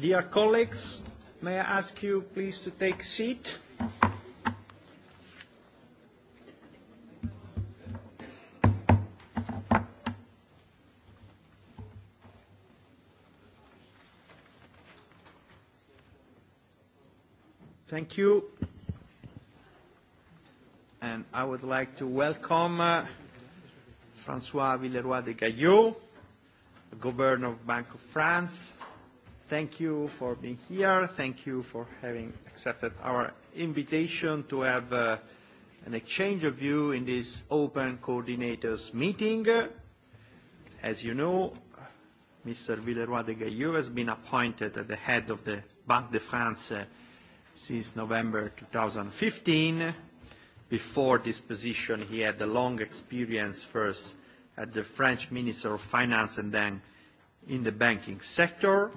Dear colleagues, may I ask you please to take seat? Thank you. And I would like to welcome François Villeroy de Gaillot, Governor of Bank of France, Thank you for being here. Thank you for having accepted our invitation to have uh, an exchange of view in this open coordinators meeting. As you know, Mr. Villeroy de Gailleux has been appointed at the head of the Banque de France uh, since November 2015. Before this position, he had a long experience first at the French Minister of Finance and then in the banking sector.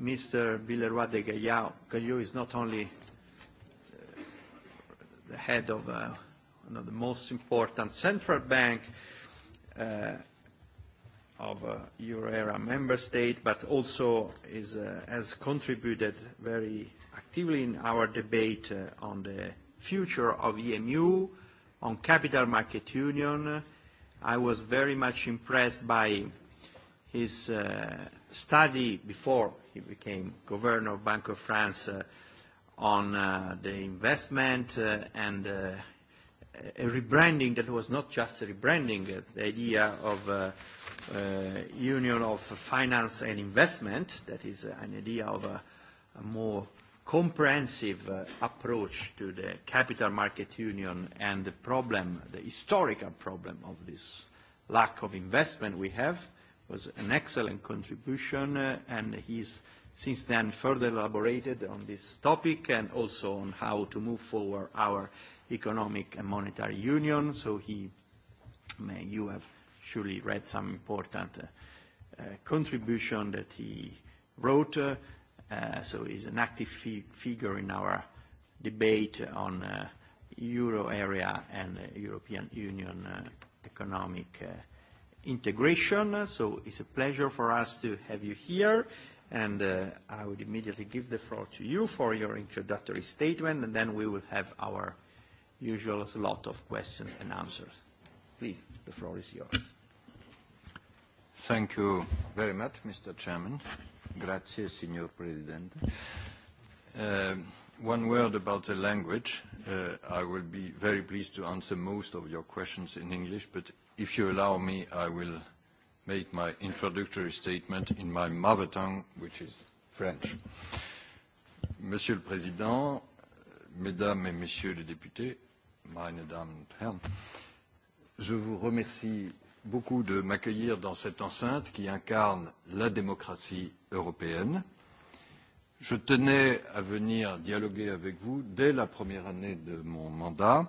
Mr. Villeroy de Gaillard. Gaillard is not only the head of uh, one of the most important central bank uh, of uh, euro era member state, but also is, uh, has contributed very actively in our debate uh, on the future of EMU, on capital market union. I was very much impressed by his uh, study before he became governor of Bank of France uh, on uh, the investment uh, and uh, a rebranding that was not just a rebranding, uh, the idea of uh, uh, union of finance and investment, that is uh, an idea of a, a more comprehensive uh, approach to the capital market union and the problem, the historical problem of this lack of investment we have. Uh, was an excellent contribution, uh, and he's since then further elaborated on this topic and also on how to move forward our economic and monetary union. So he, may, you have surely read some important uh, uh, contribution that he wrote. Uh, uh, so he's an active fi figure in our debate on uh, euro area and uh, European Union uh, economic uh, integration. So it's a pleasure for us to have you here, and I would immediately give the floor to you for your introductory statement, and then we will have our usual slot of questions and answers. Please, the floor is yours. Thank you very much, Mr. Chairman. Grazie, Signor Presidente. One word about the language. I will be very pleased to answer most of your questions in English, but If you allow me, I will make my introductory statement in my mother tongue, which is French. Monsieur le Président, Mesdames et Messieurs les députés, meine Damen und Herren, je vous remercie beaucoup de m'accueillir dans cette enceinte qui incarne la démocratie européenne. Je tenais à venir dialoguer avec vous dès la première année de mon mandat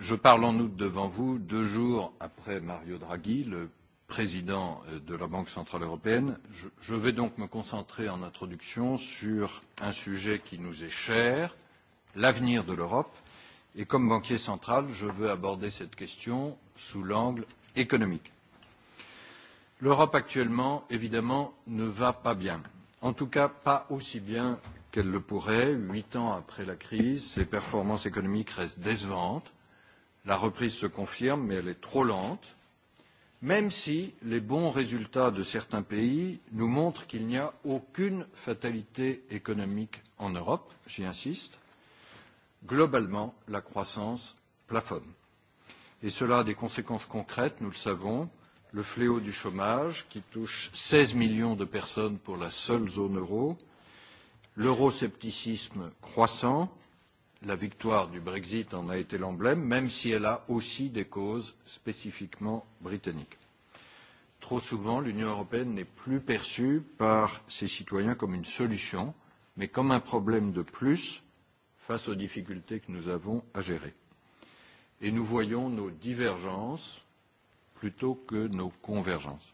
je parle en août devant vous, deux jours après Mario Draghi, le président de la Banque centrale européenne. Je, vais donc me concentrer en introduction sur un sujet qui nous est cher, l'avenir de l'Europe. Et comme banquier central, je veux aborder cette question sous l'angle économique. L'Europe actuellement, évidemment, ne va pas bien. En tout cas, pas aussi bien qu'elle le pourrait. Huit ans après la crise, ses performances économiques restent décevantes. La reprise se confirme, mais elle est trop lente, même si les bons résultats de certains pays nous montrent qu'il n'y a aucune fatalité économique en Europe, j'y insiste. Globalement, la croissance plafonne. Et cela a des conséquences concrètes, nous le savons. Le fléau du chômage, qui touche 16 millions de personnes pour la seule zone euro, l'euroscepticisme croissant, la victoire du Brexit en a été l'emblème, même si elle a aussi des causes spécifiquement britanniques. Trop souvent, l'Union européenne n'est plus perçue par ses citoyens comme une solution, mais comme un problème de plus face aux difficultés que nous avons à gérer. Et nous voyons nos divergences plutôt que nos convergences.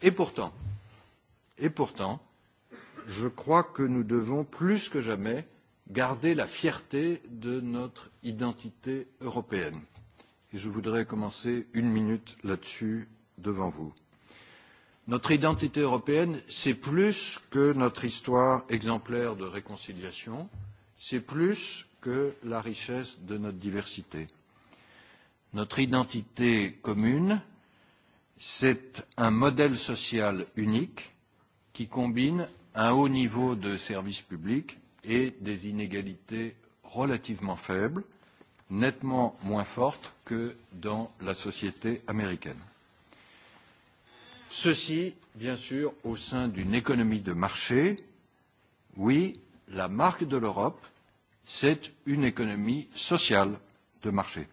Et pourtant, et pourtant, je crois que nous devons plus que jamais garder la fierté de notre identité européenne. Et je voudrais commencer une minute là-dessus devant vous. Notre identité européenne, c'est plus que notre histoire exemplaire de réconciliation, c'est plus que la richesse de notre diversité. Notre identité commune, c'est un modèle social unique qui combine un haut niveau de services publics et des inégalités relativement faibles, nettement moins fortes que dans la société américaine. Ceci, bien sûr, au sein d'une économie de marché. Oui, la marque de l'Europe, c'est une économie sociale de marché.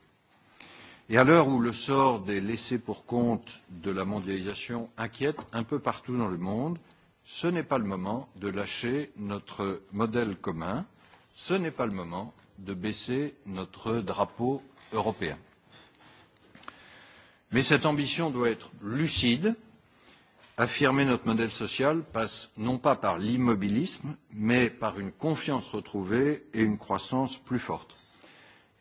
Et à l'heure où le sort des laissés pour compte de la mondialisation inquiète un peu partout dans le monde, ce n'est pas le moment de lâcher notre modèle commun, ce n'est pas le moment de baisser notre drapeau européen. Mais cette ambition doit être lucide. Affirmer notre modèle social passe non pas par l'immobilisme, mais par une confiance retrouvée et une croissance plus forte.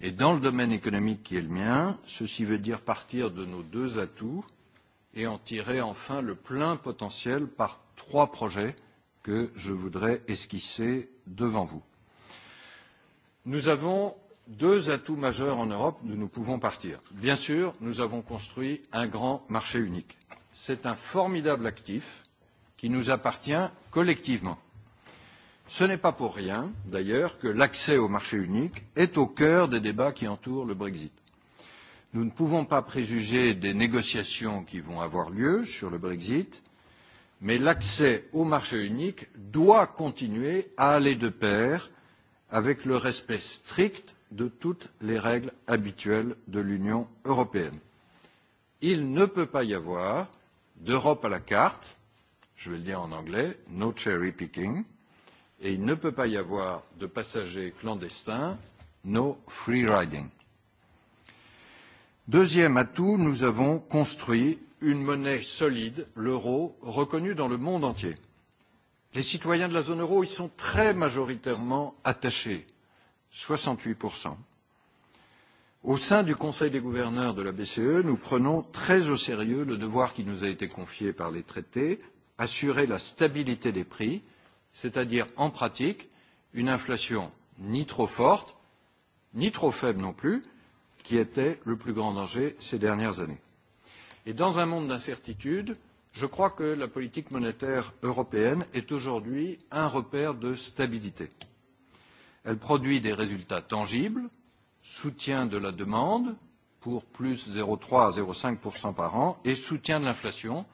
Et dans le domaine économique qui est le mien, ceci veut dire partir de nos deux atouts et en tirer enfin le plein potentiel par trois projets que je voudrais esquisser devant vous. Nous avons deux atouts majeurs en Europe dont nous pouvons partir. Bien sûr, nous avons construit un grand marché unique. C'est un formidable actif qui nous appartient collectivement. Ce n'est pas pour rien, d'ailleurs, que l'accès au marché unique est au cœur des débats qui entourent le Brexit. Nous ne pouvons pas préjuger des négociations qui vont avoir lieu sur le Brexit, mais l'accès au marché unique doit continuer à aller de pair avec le respect strict de toutes les règles habituelles de l'Union européenne. Il ne peut pas y avoir d'Europe à la carte, je vais le dire en anglais, no cherry picking, et il ne peut pas y avoir de passagers clandestins, no free riding. Deuxième atout, nous avons construit une monnaie solide, l'euro, reconnue dans le monde entier. Les citoyens de la zone euro y sont très majoritairement attachés, soixante huit. Au sein du Conseil des gouverneurs de la BCE, nous prenons très au sérieux le devoir qui nous a été confié par les traités, assurer la stabilité des prix, c'est-à-dire en pratique une inflation ni trop forte, ni trop faible non plus, qui était le plus grand danger ces dernières années. Et dans un monde d'incertitude, je crois que la politique monétaire européenne est aujourd'hui un repère de stabilité. Elle produit des résultats tangibles, soutien de la demande pour plus 0,3 à 0,5 par an et soutien de l'inflation.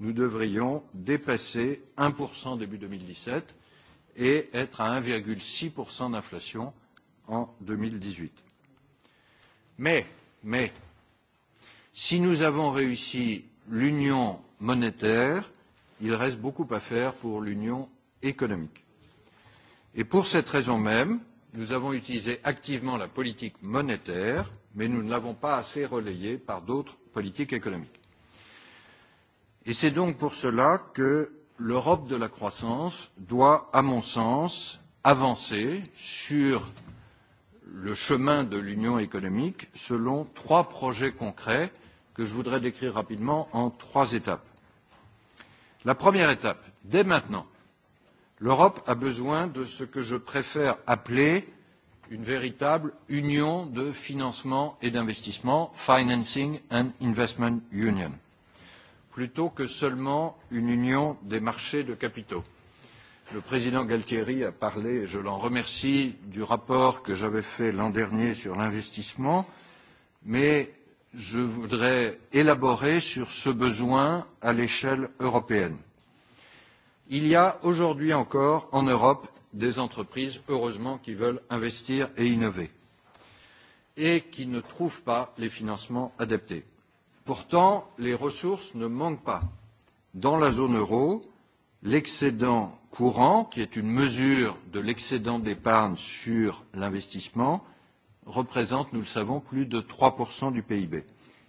Nous devrions dépasser 1 début 2017 et être à 1,6 d'inflation en 2018. Mais, mais, Si nous avons réussi l'union monétaire, il reste beaucoup à faire pour l'union économique. Et pour cette raison même, nous avons utilisé activement la politique monétaire, mais nous ne l'avons pas assez relayée par d'autres politiques économiques. Et c'est donc pour cela que l'Europe de la croissance doit, à mon sens, avancer sur le chemin de l'union économique selon trois projets concrets que je voudrais décrire rapidement en trois étapes. La première étape, dès maintenant, l'Europe a besoin de ce que je préfère appeler une véritable union de financement et d'investissement, Financing and Investment Union, plutôt que seulement une union des marchés de capitaux. Le président Galtieri a parlé, et je l'en remercie, du rapport que j'avais fait l'an dernier sur l'investissement, mais je voudrais élaborer sur ce besoin à l'échelle européenne. Il y a aujourd'hui encore en Europe des entreprises, heureusement, qui veulent investir et innover et qui ne trouvent pas les financements adaptés. Pourtant, les ressources ne manquent pas. Dans la zone euro, l'excédent courant, qui est une mesure de l'excédent d'épargne sur l'investissement, représente, nous le savons, plus de 3% du PIB.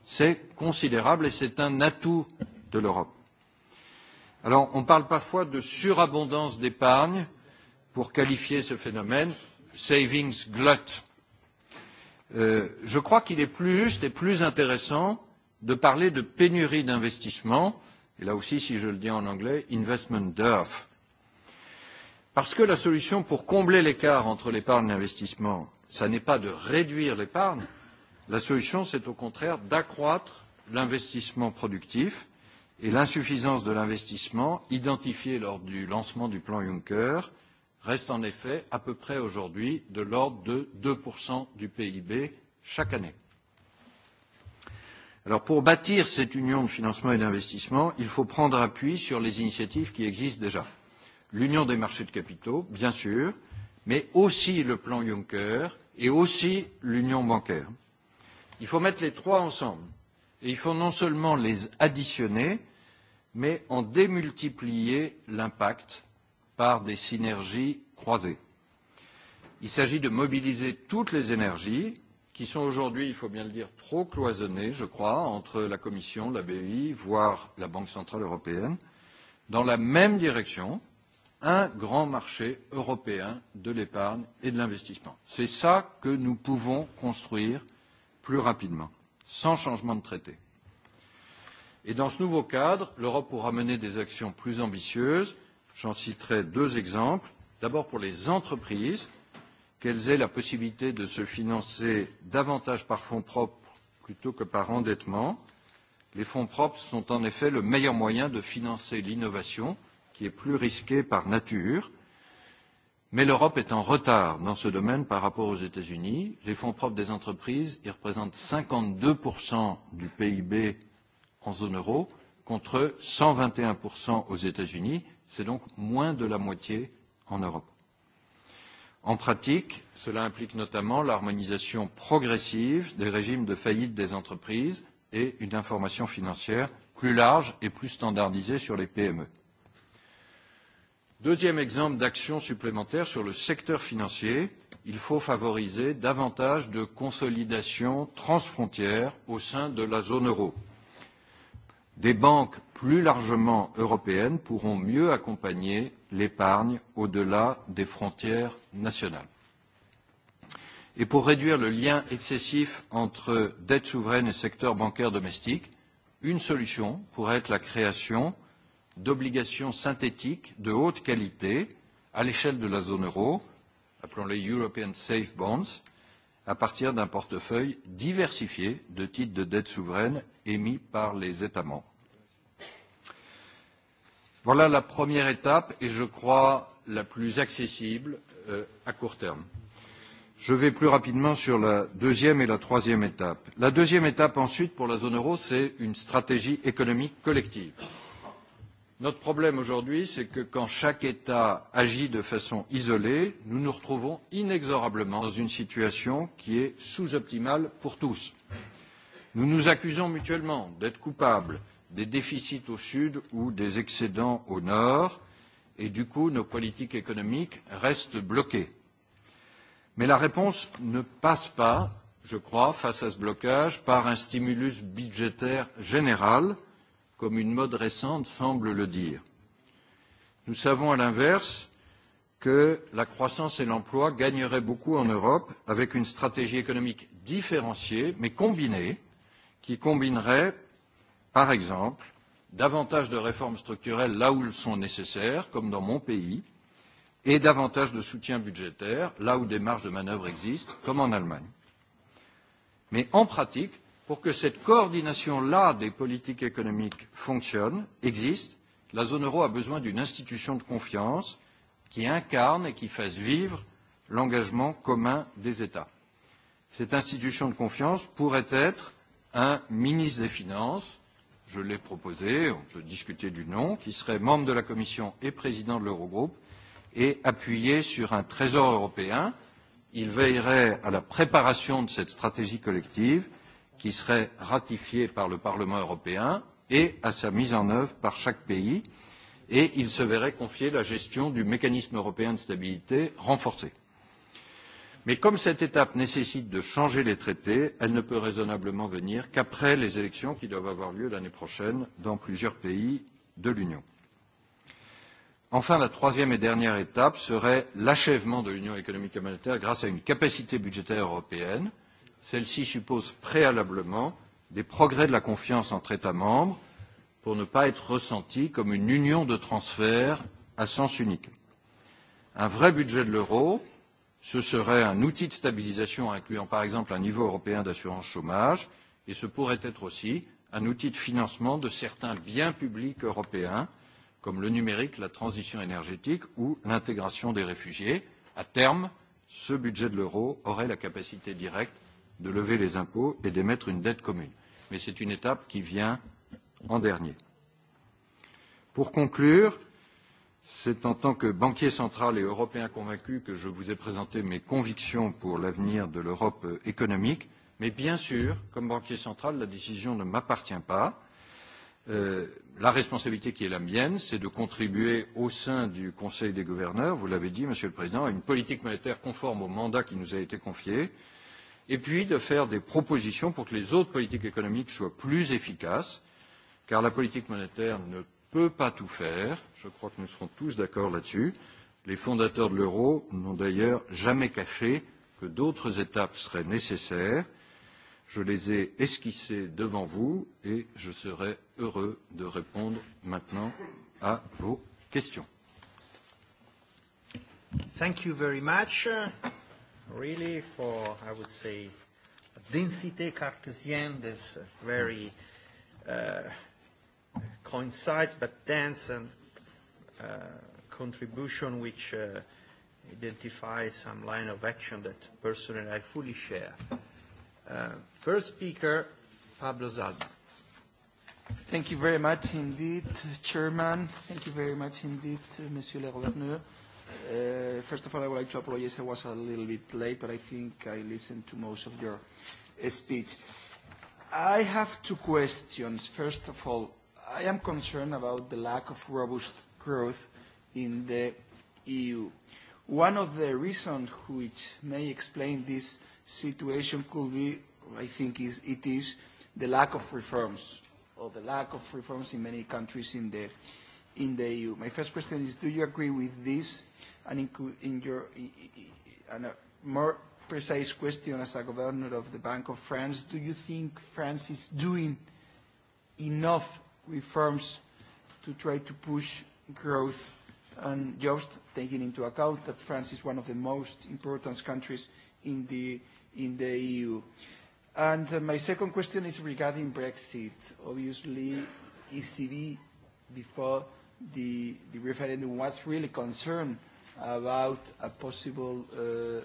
C'est considérable et c'est un atout de l'Europe. Alors, on parle parfois de surabondance d'épargne pour qualifier ce phénomène, savings glut. Euh, je crois qu'il est plus juste et plus intéressant de parler de pénurie d'investissement, et là aussi, si je le dis en anglais, investment dearth. Parce que la solution pour combler l'écart entre l'épargne et l'investissement ce n'est pas de réduire l'épargne. La solution, c'est au contraire d'accroître l'investissement productif et l'insuffisance de l'investissement identifiée lors du lancement du plan Juncker reste en effet à peu près aujourd'hui de l'ordre de 2% du PIB chaque année. Alors pour bâtir cette union de financement et d'investissement, il faut prendre appui sur les initiatives qui existent déjà. L'union des marchés de capitaux, bien sûr, euh, mais aussi le plan Juncker et aussi l'union bancaire. Il faut mettre les trois ensemble et il faut non seulement les additionner, mais en démultiplier l'impact par des synergies croisées. Il s'agit de mobiliser toutes les énergies qui sont aujourd'hui, il faut bien le dire, trop cloisonnées, je crois, entre la Commission, la BEI, voire la Banque centrale européenne, dans la même direction, un grand marché européen de l'épargne et de l'investissement. C'est ça que nous pouvons construire plus rapidement, sans changement de traité. Et dans ce nouveau cadre, l'Europe pourra mener des actions plus ambitieuses. J'en citerai deux exemples. D'abord pour les entreprises, qu'elles aient la possibilité de se financer davantage par fonds propres plutôt que par endettement. Les fonds propres sont en effet le meilleur moyen de financer l'innovation qui est plus risqué par nature. Mais l'Europe est en retard dans ce domaine par rapport aux États-Unis. Les fonds propres des entreprises, ils représentent 52% du PIB en zone euro contre 121% aux États-Unis. C'est donc moins de la moitié en Europe. En pratique, cela implique notamment l'harmonisation progressive des régimes de faillite des entreprises et une information financière plus large et plus standardisée sur les PME. Deuxième exemple d'action supplémentaire sur le secteur financier, il faut favoriser davantage de consolidation transfrontière au sein de la zone euro. Des banques plus largement européennes pourront mieux accompagner l'épargne au-delà des frontières nationales. Et pour réduire le lien excessif entre dette souveraine et secteur bancaire domestique, une solution pourrait être la création d'obligations synthétiques de haute qualité à l'échelle de la zone euro, appelons-les European Safe Bonds, à partir d'un portefeuille diversifié de titres de dette souveraine émis par les États membres. Voilà la première étape et je crois la plus accessible à court terme. Je vais plus rapidement sur la deuxième et la troisième étape. La deuxième étape ensuite pour la zone euro, c'est une stratégie économique collective. Notre problème aujourd'hui, c'est que quand chaque État agit de façon isolée, nous nous retrouvons inexorablement dans une situation qui est sous-optimale pour tous. Nous nous accusons mutuellement d'être coupables des déficits au sud ou des excédents au nord, et du coup, nos politiques économiques restent bloquées. Mais la réponse ne passe pas, je crois, face à ce blocage, par un stimulus budgétaire général, comme une mode récente semble le dire. Nous savons à l'inverse que la croissance et l'emploi gagneraient beaucoup en Europe avec une stratégie économique différenciée, mais combinée, qui combinerait, par exemple, davantage de réformes structurelles là où elles sont nécessaires, comme dans mon pays, et davantage de soutien budgétaire là où des marges de manœuvre existent, comme en Allemagne. Mais en pratique, pour que cette coordination-là des politiques économiques fonctionne, existe, la zone euro a besoin d'une institution de confiance qui incarne et qui fasse vivre l'engagement commun des États. Cette institution de confiance pourrait être un ministre des Finances, je l'ai proposé, on peut discuter du nom, qui serait membre de la Commission et président de l'Eurogroupe et appuyé sur un trésor européen. Il veillerait à la préparation de cette stratégie collective qui serait ratifié par le Parlement européen et à sa mise en œuvre par chaque pays, et il se verrait confier la gestion du mécanisme européen de stabilité renforcé. Mais comme cette étape nécessite de changer les traités, elle ne peut raisonnablement venir qu'après les élections qui doivent avoir lieu l'année prochaine dans plusieurs pays de l'Union. Enfin, la troisième et dernière étape serait l'achèvement de l'Union économique et monétaire grâce à une capacité budgétaire européenne, Celle-ci suppose préalablement des progrès de la confiance entre États membres pour ne pas être ressentie comme une union de transferts à sens unique. Un vrai budget de l'euro, ce serait un outil de stabilisation incluant par exemple un niveau européen d'assurance chômage et ce pourrait être aussi un outil de financement de certains biens publics européens comme le numérique, la transition énergétique ou l'intégration des réfugiés. À terme, ce budget de l'euro aurait la capacité directe de lever les impôts et d'émettre une dette commune. Mais c'est une étape qui vient en dernier. Pour conclure, c'est en tant que banquier central et européen convaincu que je vous ai présenté mes convictions pour l'avenir de l'Europe économique. Mais bien sûr, comme banquier central, la décision ne m'appartient pas. la responsabilité qui est la mienne, c'est de contribuer au sein du Conseil des gouverneurs, vous l'avez dit, Monsieur le Président, à une politique monétaire conforme au mandat qui nous a été confié, et puis de faire des propositions pour que les autres politiques économiques soient plus efficaces, car la politique monétaire ne peut pas tout faire, je crois que nous serons tous d'accord là-dessus. Les fondateurs de l'euro n'ont d'ailleurs jamais caché que d'autres étapes seraient nécessaires. Je les ai esquissées devant vous et je serai heureux de répondre maintenant à vos questions. Thank you very much really for, I would say, densité cartesian, this very uh, concise but dense and uh, contribution which uh, identifies some line of action that personally I fully share. Uh, first speaker, Pablo Zalba. Thank you very much indeed, Chairman. Thank you very much indeed, Monsieur le Gouverneur Uh, first of all, I would like to apologize. I was a little bit late, but I think I listened to most of your speech. I have two questions. First of all, I am concerned about the lack of robust growth in the EU. One of the reasons which may explain this situation could be, I think is, it is, the lack of reforms, or the lack of reforms in many countries in the, in the EU. My first question is, do you agree with this and in your a more precise question as a governor of the Bank of France, do you think France is doing enough reforms to try to push growth and jobs, taking into account that France is one of the most important countries in the in the EU? And my second question is regarding Brexit. Obviously, ECB, before the the referendum, was really concerned about a possible uh, uh,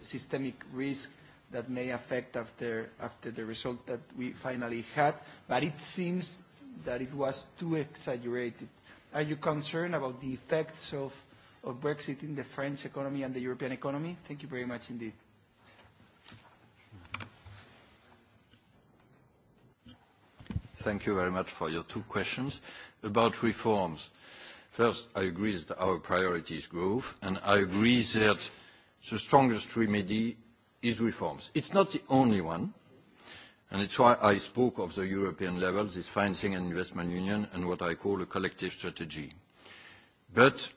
systemic risk that may affect after, after the result that we finally had, but it seems that it was too exaggerated. Are you concerned about the effects of, of Brexit in the French economy and the European economy? Thank you very much indeed. Thank you very much for your two questions. About reforms, uh, First, I agree that our priority is growth, and I agree that the strongest remedy is reforms. It's not the only one, and it's why I spoke of the European level, this financing and investment union, and what I call a collective strategy. But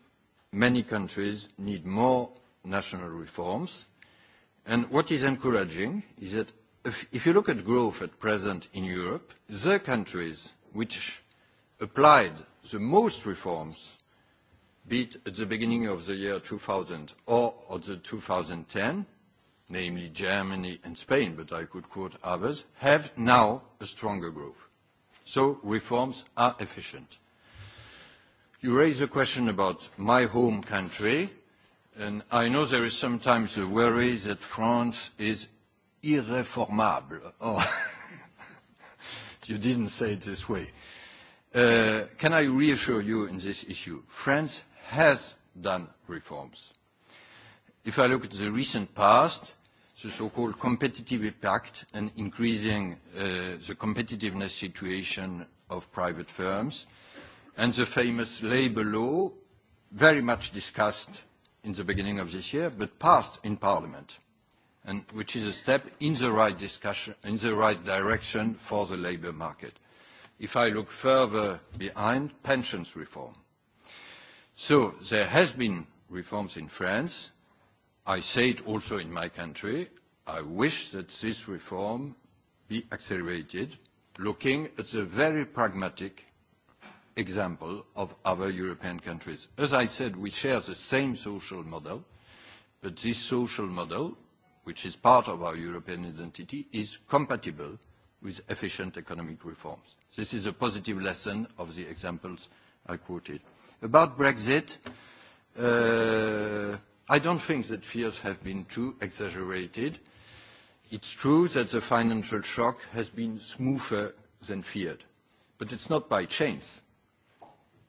many countries need more national reforms, and what is encouraging is that if you look at growth at present in Europe, the countries which applied the most reforms, be it at the beginning of the year 2000 or at the 2010, namely Germany and Spain, but I could quote others, have now a stronger growth. So reforms are efficient. You raise a question about my home country, and I know there is sometimes a worry that France is irreformable. Oh, you didn't say it this way. Can I reassure you in this issue? France has done reforms. If I look at the recent past, the so-called competitive impact and increasing the competitiveness situation of private firms, and the famous labor law, very much discussed in the beginning of this year, but passed in parliament, and which is a step in the right discussion, in the right direction for the labor market. If I look further behind, pensions reform. So there has been reforms in France. I say it also in my country. I wish that this reform be accelerated, looking at the very pragmatic example of other European countries. As I said, we share the same social model, but this social model, which is part of our European identity, is compatible with efficient economic reforms. This is a positive lesson of the examples I quoted. About Brexit, uh, I don't think that fears have been too exaggerated. It's true that the financial shock has been smoother than feared, but it's not by chance.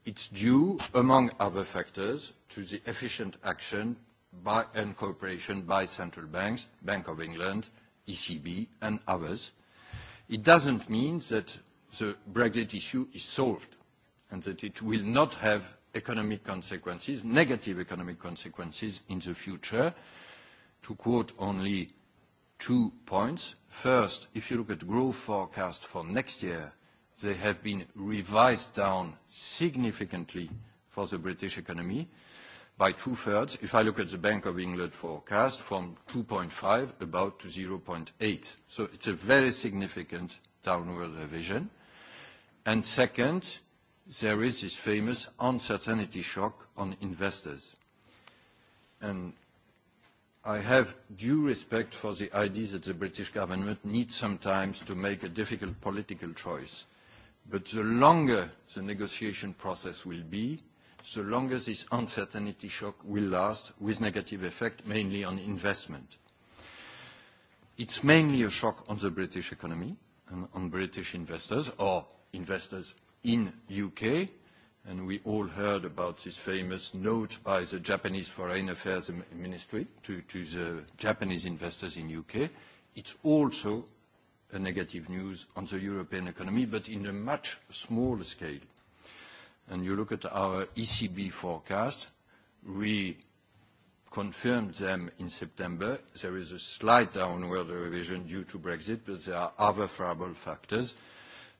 It's due, among other factors, to the efficient action by, and cooperation by central banks, Bank of England, ECB, and others, It doesn't mean that the Brexit issue is solved and that it will not have economic consequences, negative economic consequences in the future. To quote only two points. First, if you look at growth forecast for next year, they have been revised down significantly for the British economy by two-thirds. If I look at the Bank of England forecast, from 2.5 about to 0.8. So it's a very significant downward revision. And second, there is this famous uncertainty shock on investors. And I have due respect for the idea that the British government needs sometimes to make a difficult political choice. But the longer the negotiation process will be, the longer this uncertainty shock will last, with negative effect mainly on investment. It's mainly a shock on the British economy and on British investors or investors in U.K., and we all heard about this famous note by the Japanese Foreign Affairs Ministry to the Japanese investors in U.K. It's also a negative news on the European economy, but in a much smaller scale and you look at our ECB forecast, we confirmed them in September. There is a slight downward revision due to Brexit, but there are other favorable factors.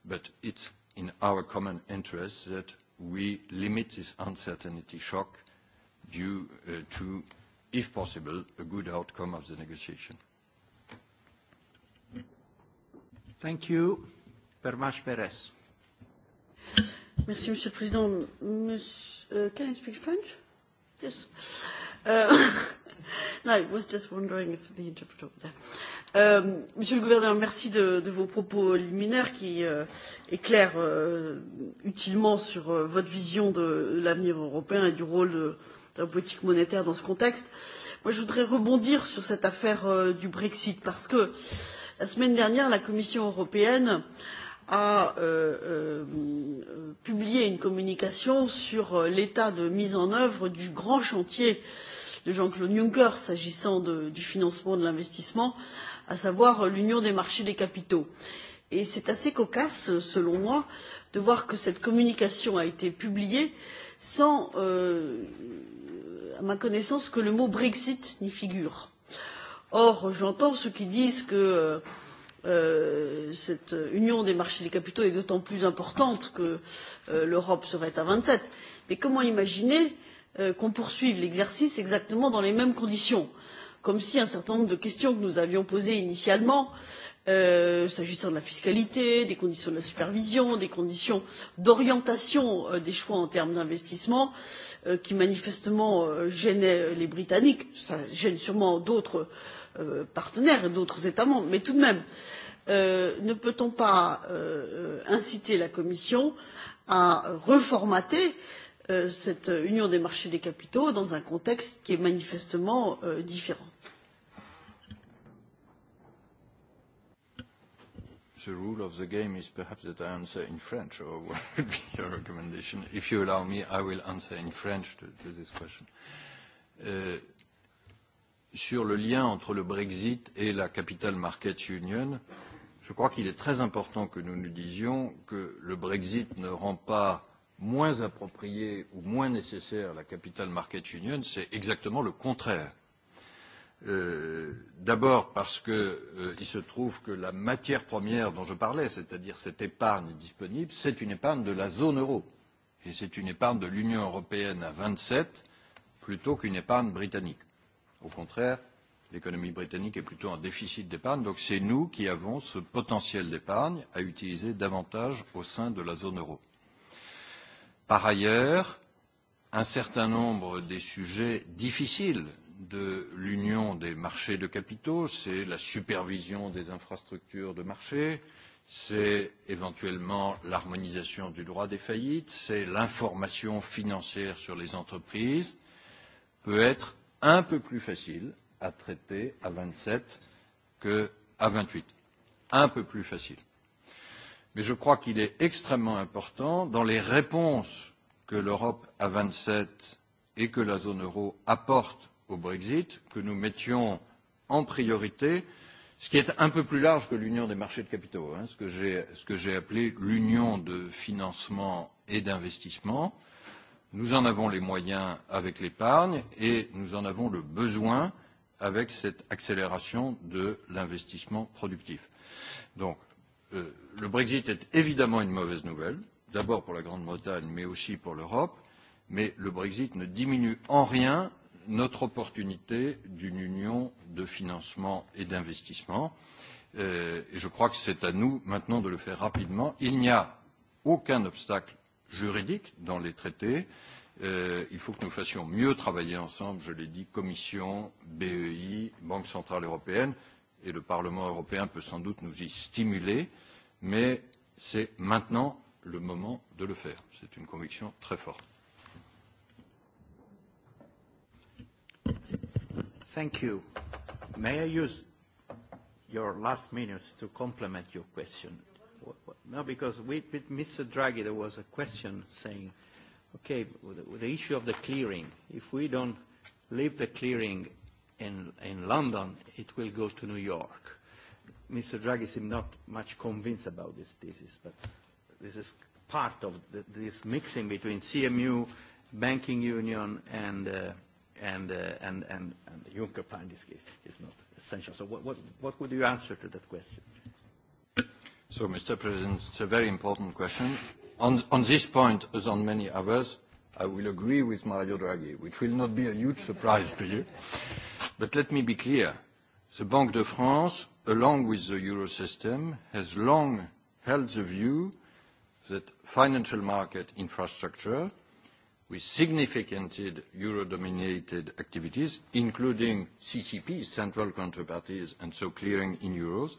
But It's in our common interest that we limit this uncertainty shock due to, if possible, a good outcome of the negotiation. Thank you. Permash Perez. Merci, Monsieur le Président. Monsieur, uh, can I speak French? Yes. Uh, no, I was just wondering if the interpreter was there. Monsieur le gouverneur, merci de, de vos propos liminaires qui euh, éclairent euh, utilement sur euh, votre vision de l'avenir européen et du rôle de, de la politique monétaire dans ce contexte. Moi, je voudrais rebondir sur cette affaire euh, du Brexit parce que la semaine dernière, la Commission européenne euh, a publié une communication sur l'état de mise en œuvre du grand chantier de Jean Claude Juncker s'agissant du financement de l'investissement, à savoir l'union des marchés des capitaux. Et c'est assez cocasse, selon moi, de voir que cette communication a été publiée sans, à ma connaissance, que le mot Brexit n'y figure. Or, j'entends ceux qui disent que euh, cette union des marchés des capitaux est d'autant plus importante que l'Europe serait à vingt sept. Mais comment imaginer qu'on poursuive l'exercice exactement dans les mêmes conditions comme si un certain nombre de questions que nous avions posées initialement s'agissant de la fiscalité des conditions de la supervision des conditions d'orientation des choix en termes d'investissement qui manifestement gênaient les britanniques cela gêne sûrement d'autres partenaires et d'autres états membres mais tout de même ne peut on pas inciter la commission à reformater cette union des marchés des capitaux dans un contexte qui est manifestement différent? the rule of the game is perhaps that I answer in French, or what would be your recommendation? If you allow me, I will answer in French to, to this question sur le lien entre le Brexit et la Capital Markets Union, je crois qu'il est très important que nous nous disions que le Brexit ne rend pas moins appropriée ou moins nécessaire la Capital Markets Union, c'est exactement le contraire. D'abord parce qu'il se trouve que la matière première dont je parlais, c'est-à-dire cette épargne disponible, c'est une épargne de la zone euro. Et c'est une épargne de l'Union européenne à vingt sept plutôt qu'une épargne britannique. Au contraire, l'économie britannique est plutôt en déficit d'épargne, donc c'est nous qui avons ce potentiel d'épargne à utiliser davantage au sein de la zone euro. Par ailleurs, un certain nombre des sujets difficiles de l'union des marchés de capitaux, c'est la supervision des infrastructures de marché, c'est éventuellement l'harmonisation du droit des faillites, c'est l'information financière sur les entreprises, peut être un peu plus facile à traiter à 27 qu'à 28. Un peu plus facile. Mais je crois qu'il est extrêmement important, dans les réponses que l'Europe à 27 et que la zone euro apportent au Brexit, que nous mettions en priorité ce qui est un peu plus large que l'union des marchés de capitaux, hein, ce que j'ai appelé l'union de financement et d'investissement, euh, Nous en avons les moyens avec l'épargne et nous en avons le besoin avec cette accélération de l'investissement productif. Donc, le Brexit est évidemment une mauvaise nouvelle, d'abord pour la Grande-Bretagne, mais aussi pour l'Europe, mais le Brexit ne diminue en rien notre opportunité d'une union de financement et d'investissement. et je crois que c'est à nous maintenant de le faire rapidement. Il n'y a aucun obstacle juridique dans les traités. Euh, il faut que nous fassions mieux travailler ensemble, je l'ai dit, Commission, BEI, Banque centrale européenne, et le Parlement européen peut sans doute nous y stimuler, mais c'est maintenant le moment de le faire. C'est une conviction très forte. Thank you. May I use your last minutes to complement your question? no, because we, with Mr. Draghi, there was a question saying, okay, the, the issue of the clearing, if we don't leave the clearing in, in London, it will go to New York. Mr. Draghi seemed not much convinced about this thesis, but this is part of the, this mixing between CMU, banking union, and, uh, and, uh, and, and, and the Juncker plan in this case is not essential. So what, what, what would you answer to that question? So, Mr. President, it's a very important question. On, on this point, as on many others, I will agree with Mario Draghi, which will not be a huge surprise to you. But let me be clear. The Banque de France, along with the euro system, has long held the view that financial market infrastructure with significant euro-dominated activities, including CCPs, central counterparties, and so clearing in euros,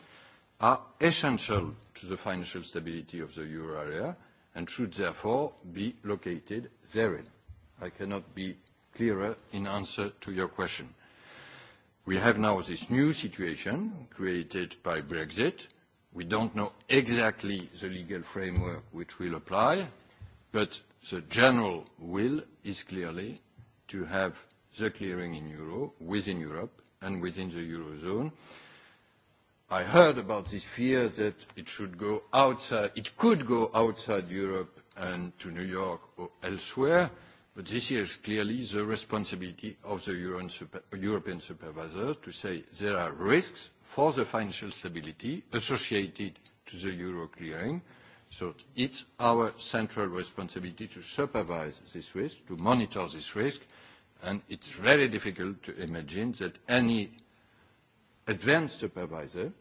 are essential to the financial stability of the euro area and should therefore be located therein. I cannot be clearer in answer to your question. We have now this new situation created by Brexit. We don't know exactly the legal framework which will apply, but the general will is clearly to have the clearing in euro within Europe and within the Eurozone, I heard about this fear that it should go outside, it could go outside Europe and to New York or elsewhere, but this is clearly the responsibility of the European supervisors to say there are risks for the financial stability associated to the euro clearing. So it's our central responsibility to supervise this risk, to monitor this risk, and it's very difficult to imagine that any advanced supervisor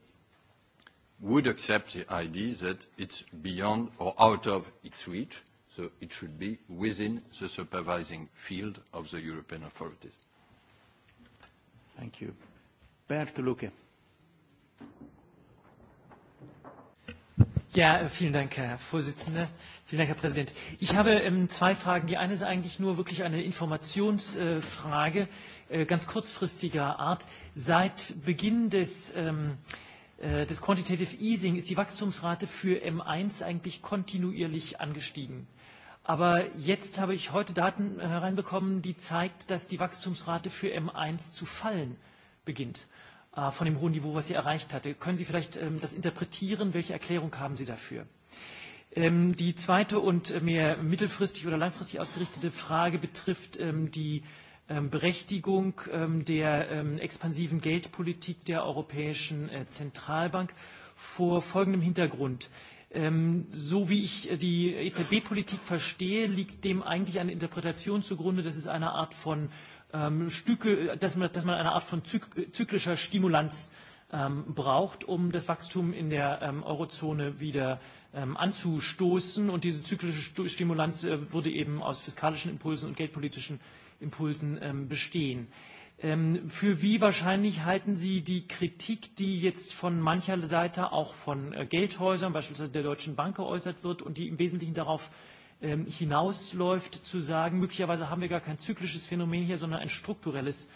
would accept the idea that it's beyond or out of its reach, so it should be within the supervising field of the European authorities. Thank you. Bert Lucke. Ja, vielen Dank, Herr Vorsitzender. Vielen Dank, Herr Präsident. Ich habe ähm, zwei Fragen. Die eine ist eigentlich nur wirklich eine Informationsfrage. Äh, ganz kurzfristiger Art. Seit Beginn des, ähm, äh, des Quantitative Easing ist die Wachstumsrate für M1 eigentlich kontinuierlich angestiegen. Aber jetzt habe ich heute Daten hereinbekommen, die zeigt, dass die Wachstumsrate für M1 zu fallen beginnt äh, von dem hohen Niveau, was sie erreicht hatte. Können Sie vielleicht ähm, das interpretieren? Welche Erklärung haben Sie dafür? Ähm, die zweite und mehr mittelfristig oder langfristig ausgerichtete Frage betrifft ähm, die äh, Berechtigung der expansiven Geldpolitik der Europäischen Zentralbank vor folgendem Hintergrund. So wie ich die EZB-Politik verstehe, liegt dem eigentlich eine Interpretation zugrunde, dass es eine Art von Stücke, dass man, dass man eine Art von zyklischer Stimulanz braucht, um das Wachstum in der Eurozone wieder anzustoßen. Und diese zyklische Stimulanz wurde eben aus fiskalischen Impulsen und geldpolitischen Impulsen bestehen. Für wie wahrscheinlich halten Sie die Kritik, die jetzt von mancher Seite auch von Geldhäusern, beispielsweise der Deutschen Bank geäußert wird und die im Wesentlichen darauf hinausläuft, zu sagen, möglicherweise haben wir gar kein zyklisches Phänomen hier, sondern ein strukturelles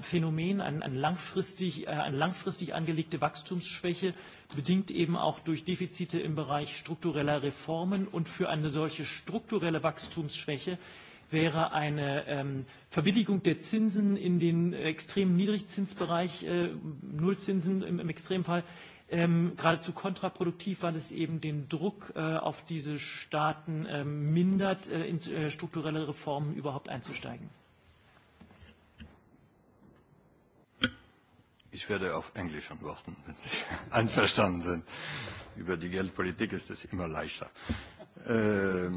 Phänomen, eine langfristig, langfristig angelegte Wachstumsschwäche, bedingt eben auch durch Defizite im Bereich struktureller Reformen. Und für eine solche strukturelle Wachstumsschwäche wäre eine ähm, Verbilligung der Zinsen in den extremen Niedrigzinsbereich, äh, Nullzinsen im, im Extremfall, ähm, geradezu kontraproduktiv, weil es eben den Druck äh, auf diese Staaten äh, mindert, äh, in äh, strukturelle Reformen überhaupt einzusteigen. Ich werde auf Englisch antworten, wenn Sie einverstanden sind. Über die Geldpolitik ist es immer leichter. Äh,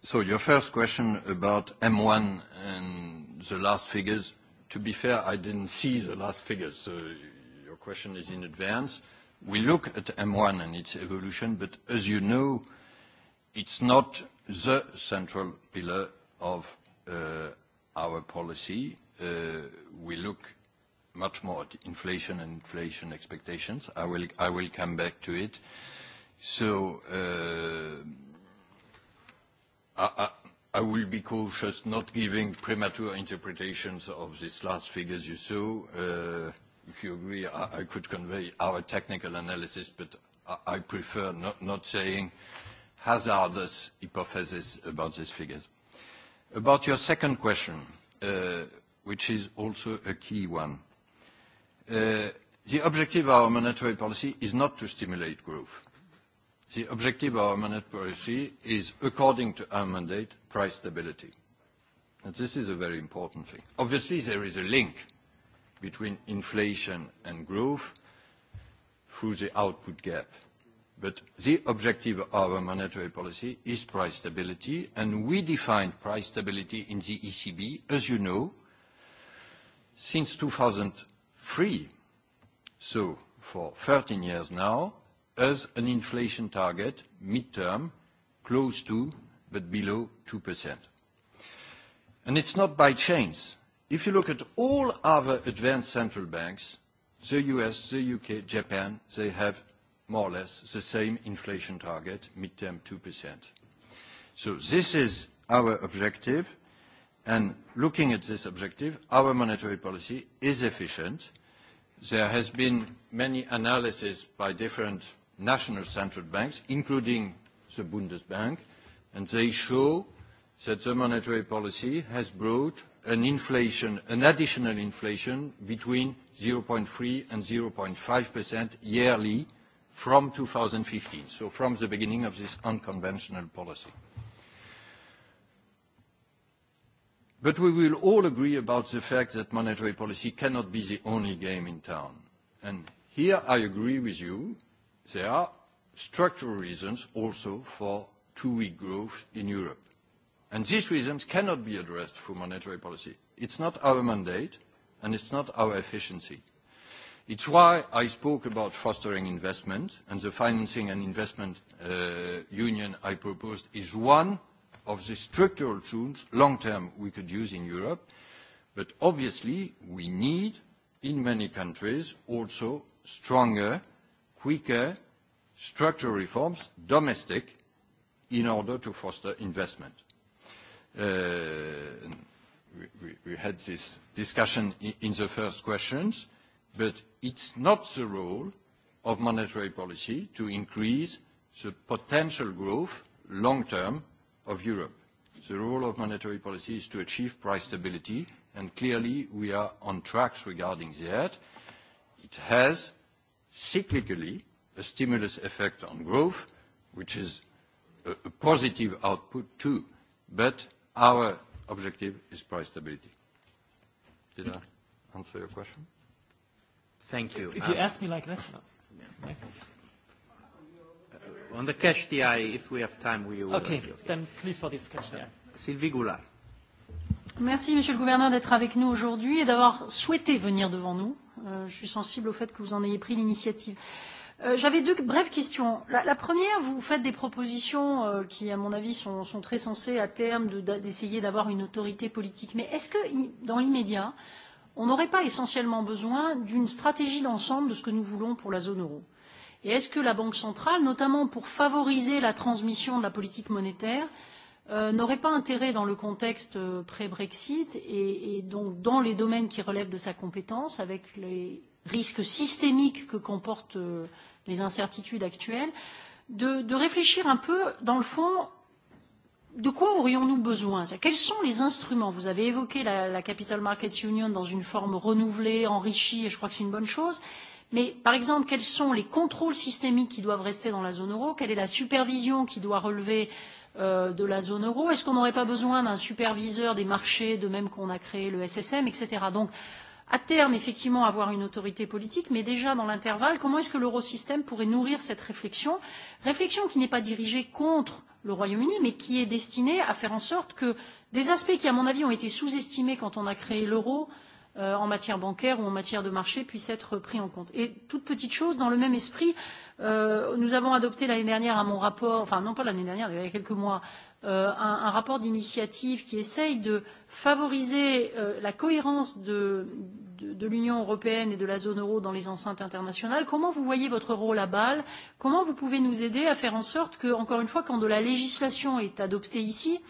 So your first question about M1 and the last figures. To be fair, I didn't see the last figures, so your question is in advance. We look at M1 and its evolution, but as you know, it's not the central pillar of our policy. We look much more at inflation and inflation expectations. I will come back to it. So, I will be cautious not giving premature interpretations of these last figures you saw. If you agree, I could convey our technical analysis, but I prefer not saying hazardous hypothesis about these figures. About your second question, which is also a key one. The objective of our monetary policy is not to stimulate growth. The objective of our monetary policy is, according to our mandate, price stability. And This is a very important thing. Obviously, there is a link between inflation and growth through the output gap. But The objective of our monetary policy is price stability, and we define price stability in the ECB, as you know, since 2003, so for 13 years now, as an inflation target midterm, close to, but below 2%. And It's not by chance. If you look at all other advanced central banks, the U.S., the U.K., Japan, they have more or less the same inflation target, midterm 2%. So This is our objective, and looking at this objective, our monetary policy is efficient. There has been many analysis by different national central banks, including the Bundesbank, and they show that the monetary policy has brought an inflation, an additional inflation between 0.3% and 0.5% yearly from 2015, so from the beginning of this unconventional policy. But we will all agree about the fact that monetary policy cannot be the only game in town. And here I agree with you There are structural reasons also for two-week growth in Europe. And these reasons cannot be addressed through monetary policy. It's not our mandate, and it's not our efficiency. It's why I spoke about fostering investment, and the Financing and Investment Union I proposed is one of the structural tools long-term we could use in Europe. But obviously, we need, in many countries, also stronger quicker structural reforms, domestic, in order to foster investment. We had this discussion in the first questions, but it's not the role of monetary policy to increase the potential growth long term of Europe. The role of monetary policy is to achieve price stability, and clearly we are on track regarding that. It has cyclically a stimulus effect on growth, which is a positive output too, but our objective is price stability. Did I answer your question? Thank you. If you ask me like that. On the cash DI, if we have time, we will. Okay. Then please for the cash DI. Sylvie Goulard. Merci, Monsieur le Gouverneur, d'être avec nous aujourd'hui et d'avoir souhaité venir devant nous Euh, je suis sensible au fait que vous en ayez pris l'initiative. Euh, J'avais deux brèves questions. La, la première, vous faites des propositions euh, qui, à mon avis, sont, sont très sensées à terme d'essayer de, d'avoir une autorité politique. Mais est-ce que, dans l'immédiat, on n'aurait pas essentiellement besoin d'une stratégie d'ensemble de ce que nous voulons pour la zone euro Et est-ce que la Banque centrale, notamment pour favoriser la transmission de la politique monétaire, n'aurait pas intérêt dans le contexte pré-Brexit et, et donc dans les domaines qui relèvent de sa compétence, avec les risques systémiques que comportent les incertitudes actuelles, de, de réfléchir un peu, dans le fond, de quoi aurions-nous besoin Quels sont les instruments Vous avez évoqué la, la Capital Markets Union dans une forme renouvelée, enrichie, et je crois que c'est une bonne chose. Mais par exemple, quels sont les contrôles systémiques qui doivent rester dans la zone euro Quelle est la supervision qui doit relever euh, de la zone euro Est-ce qu'on n'aurait pas besoin d'un superviseur des marchés, de même qu'on a créé le SSM, etc. Donc, à terme, effectivement, avoir une autorité politique, mais déjà dans l'intervalle, comment est-ce que l'eurosystème pourrait nourrir cette réflexion Réflexion qui n'est pas dirigée contre le Royaume-Uni, mais qui est destinée à faire en sorte que des aspects qui, à mon avis, ont été sous-estimés quand on a créé l'euro, euh, en matière bancaire ou en matière de marché puissent être pris en compte. Et toute petite chose, dans le même esprit, nous avons adopté l'année dernière à mon rapport, enfin non pas l'année dernière, il y a quelques mois, un, rapport d'initiative qui essaye de favoriser la cohérence de, l'Union européenne et de la zone euro dans les enceintes internationales. Comment vous voyez votre rôle à Bâle Comment vous pouvez nous aider à faire en sorte que, encore une fois, quand de la législation est adoptée ici,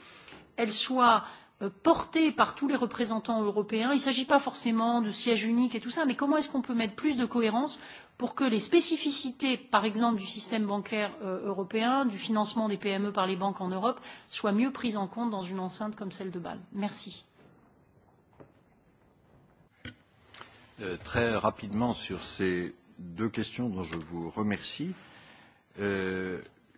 elle soit euh, portée par tous les représentants européens. Il ne s'agit pas forcément de siège unique et tout ça, mais comment est-ce qu'on peut mettre plus de cohérence pour que les spécificités, par exemple, du système bancaire européen, du financement des PME par les banques en Europe, soient mieux prises en compte dans une enceinte comme celle de Bâle Merci. très rapidement sur ces deux questions dont je vous remercie.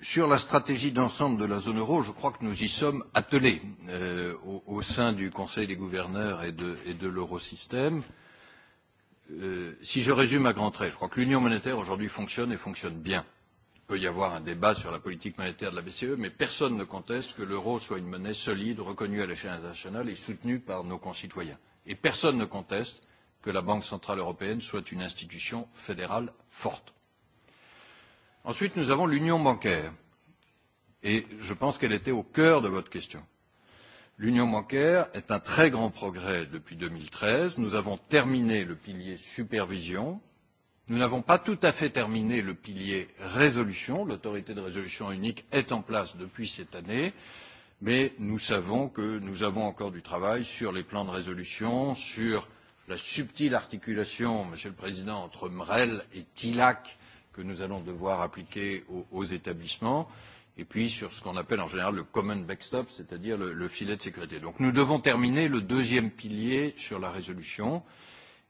Sur la stratégie d'ensemble de la zone euro, je crois que nous y sommes attelés euh, au, au sein du Conseil des gouverneurs et de, et de l'eurosystème. Euh, si je résume à grands traits, je crois que l'union monétaire aujourd'hui fonctionne et fonctionne bien. Il peut y avoir un débat sur la politique monétaire de la BCE, mais personne ne conteste que l'euro soit une monnaie solide, reconnue à l'échelle internationale et soutenue par nos concitoyens. Et personne ne conteste que la Banque centrale européenne soit une institution fédérale forte Ensuite, nous avons l'union bancaire. Et je pense qu'elle était au cœur de votre question. L'union bancaire est un très grand progrès depuis deux mille treize. Nous avons terminé le pilier supervision. Nous n'avons pas tout à fait terminé le pilier résolution. L'autorité de résolution unique est en place depuis cette année. Mais nous savons que nous avons encore du travail sur les plans de résolution, sur la subtile articulation, Monsieur le Président, entre MREL et TILAC que nous allons devoir appliquer aux, aux établissements, et puis sur ce qu'on appelle en général le common backstop, c'est-à-dire le, le filet de sécurité. Donc nous devons terminer le deuxième pilier sur la résolution,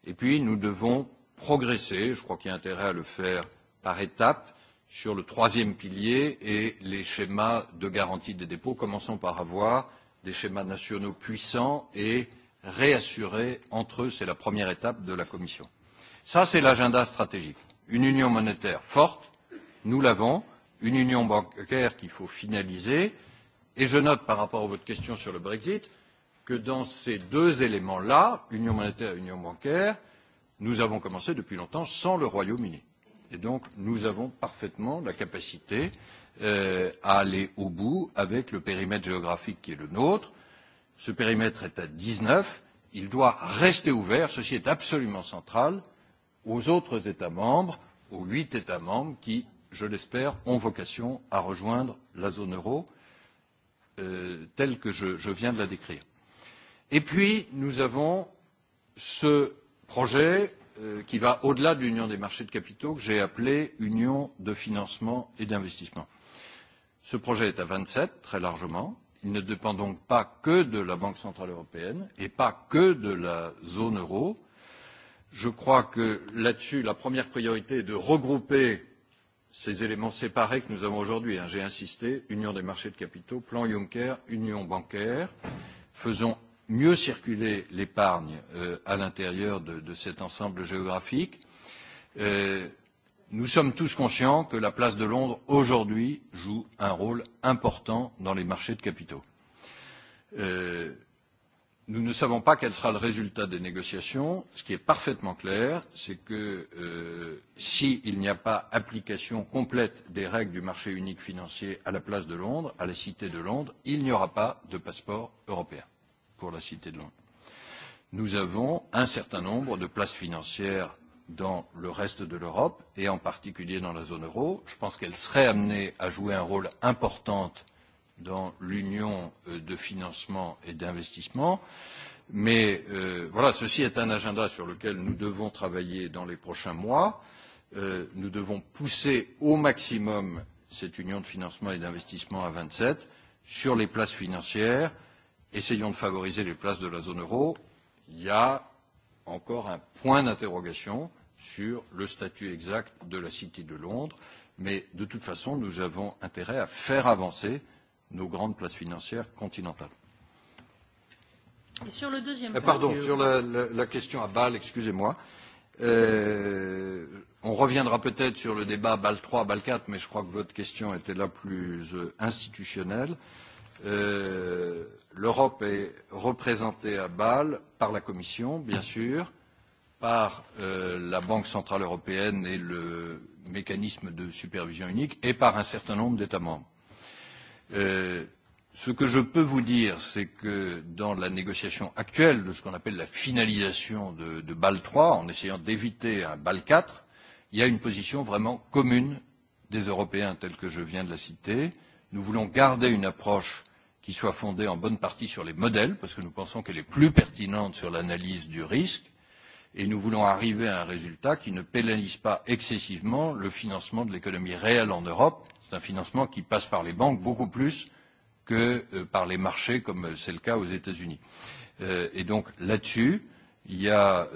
et puis nous devons progresser, je crois qu'il y a intérêt à le faire par étapes, sur le troisième pilier et les schémas de garantie des dépôts. Commençons par avoir des schémas nationaux puissants et réassurés entre eux. C'est la première étape de la Commission. Ça, c'est l'agenda stratégique. Une union monétaire forte, nous l'avons, une union bancaire qu'il faut finaliser, et je note par rapport à votre question sur le Brexit que dans ces deux éléments-là, union monétaire et union bancaire, nous avons commencé depuis longtemps sans le Royaume-Uni. Et donc, nous avons parfaitement la capacité à aller au bout avec le périmètre géographique qui est le nôtre. Ce périmètre est à dix neuf, Il doit rester ouvert. Ceci est absolument central aux autres États membres, aux huit États membres qui, je l'espère, ont vocation à rejoindre la zone euro telle que je, viens de la décrire. Et puis, nous avons ce projet qui va au-delà de l'union des marchés de capitaux que j'ai appelé union de financement et d'investissement. Ce projet est à vingt sept, très largement. Il ne dépend donc pas que de la Banque centrale européenne et pas que de la zone euro. Je crois que là-dessus, la première priorité est de regrouper ces éléments séparés que nous avons aujourd'hui. J'ai insisté, union des marchés de capitaux, plan Juncker, union bancaire. Faisons mieux circuler l'épargne à l'intérieur de, cet ensemble géographique. nous sommes tous conscients que la place de Londres aujourd'hui joue un rôle important dans les marchés de capitaux. Nous ne savons pas quel sera le résultat des négociations. Ce qui est parfaitement clair, c'est que euh, s'il n'y a pas application complète des règles du marché unique financier à la place de Londres, à la Cité de Londres, il n'y aura pas de passeport européen pour la Cité de Londres. Nous avons un certain nombre de places financières dans le reste de l'Europe et en particulier dans la zone euro. Je pense qu'elles seraient amenées à jouer un rôle important euh, dans l'union de financement et d'investissement. Mais voilà, ceci est un agenda sur lequel nous devons travailler dans les prochains mois. nous devons pousser au maximum cette union de financement et d'investissement à 27 sept sur les places financières. Essayons de favoriser les places de la zone euro. Il y a encore un point d'interrogation sur le statut exact de la City de Londres, mais de toute façon, nous avons intérêt à faire avancer euh, nos grandes places financières continentales. Et sur le deuxième point... Pardon, sur la, la, la question à Bâle, excusez-moi. Euh, on reviendra peut-être sur le débat Bâle 3, Bâle 4, mais je crois que votre question était la plus institutionnelle. Euh, L'Europe est représentée à Bâle par la Commission, bien sûr, par euh, la Banque centrale européenne et le mécanisme de supervision unique, et par un certain nombre d'États membres ce que je peux vous dire, c'est que dans la négociation actuelle de ce qu'on appelle la finalisation de, de BAL 3, en essayant d'éviter un BAL 4, il y a une position vraiment commune des Européens telle que je viens de la citer. Nous voulons garder une approche qui soit fondée en bonne partie sur les modèles, parce que nous pensons qu'elle est plus pertinente sur l'analyse du risque, et nous voulons arriver à un résultat qui ne pénalise pas excessivement le financement de l'économie réelle en Europe. C'est un financement qui passe par les banques beaucoup plus que par les marchés, comme c'est le cas aux États-Unis. et donc là-dessus, il y a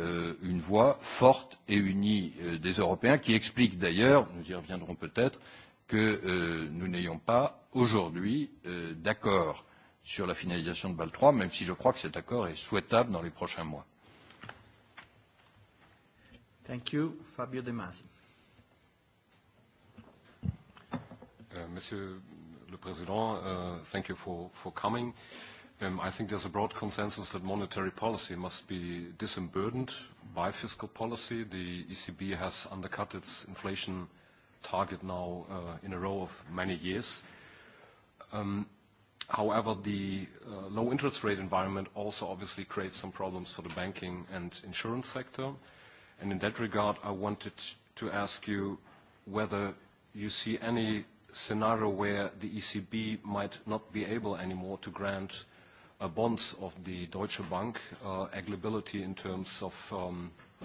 une voix forte et unie des Européens qui explique d'ailleurs, nous y reviendrons peut-être, que nous n'ayons pas aujourd'hui d'accord sur la finalisation de BAL3, même si je crois que cet accord est souhaitable dans les prochains mois. Thank you. Fabio De Masi. Monsieur le President, thank you for coming. I think there's a broad consensus that monetary policy must be disemburdened by fiscal policy. The ECB has undercut its inflation target now in a row of many years. However, the low interest rate environment also obviously creates some problems for the banking and insurance sector in that regard, I wanted to ask you whether you see any scenario where the ECB might not be able anymore to grant bonds of the Deutsche Bank eligibility in terms of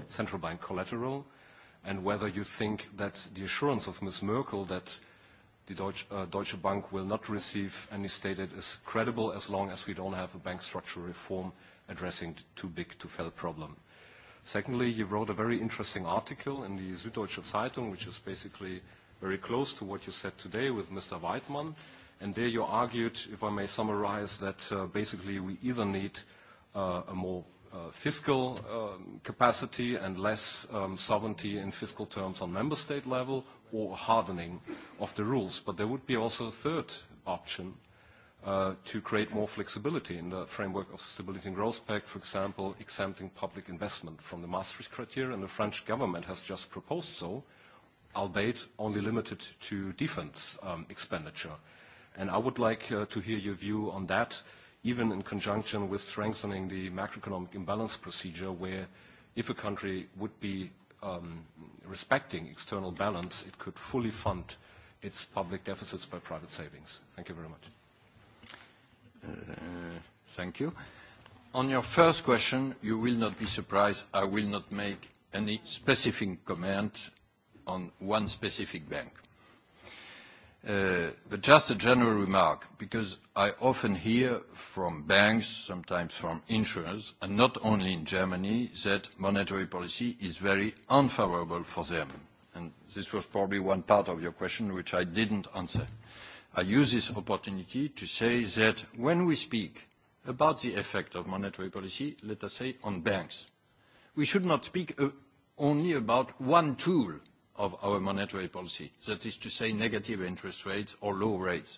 central bank collateral, and whether you think that the assurance of Ms. Merkel that the Deutsche Bank will not receive any state aid is credible as long as we don't have a bank structural reform addressing the too big to fail problem. Secondly, you wrote a very interesting article in the Süddeutsche Zeitung, which is basically very close to what you said today with Mr. Weidmann. And there you argued, if I may summarize, that uh, basically we either need uh, a more uh, fiscal um, capacity and less um, sovereignty in fiscal terms on member state level or hardening of the rules. But there would be also a third option, uh, to create more flexibility in the framework of the Stability and Growth Pact, for example, exempting public investment from the Maastricht criteria, and the French government has just proposed so, albeit only limited to defense expenditure. And I would like to hear your view on that, even in conjunction with strengthening the macroeconomic imbalance procedure, where if a country would be respecting external balance, it could fully fund its public deficits by private savings. Thank you very much. Thank you. On your first question, you will not be surprised, I will not make any specific comment on one specific bank. But just a general remark, because I often hear from banks, sometimes from insurers, and not only in Germany, that monetary policy is very unfavorable for them. And this was probably one part of your question which I didn't answer. I use this opportunity to say that when we speak about the effect of monetary policy, let us say, on banks, we should not speak only about one tool of our monetary policy, that is to say, negative interest rates or low rates.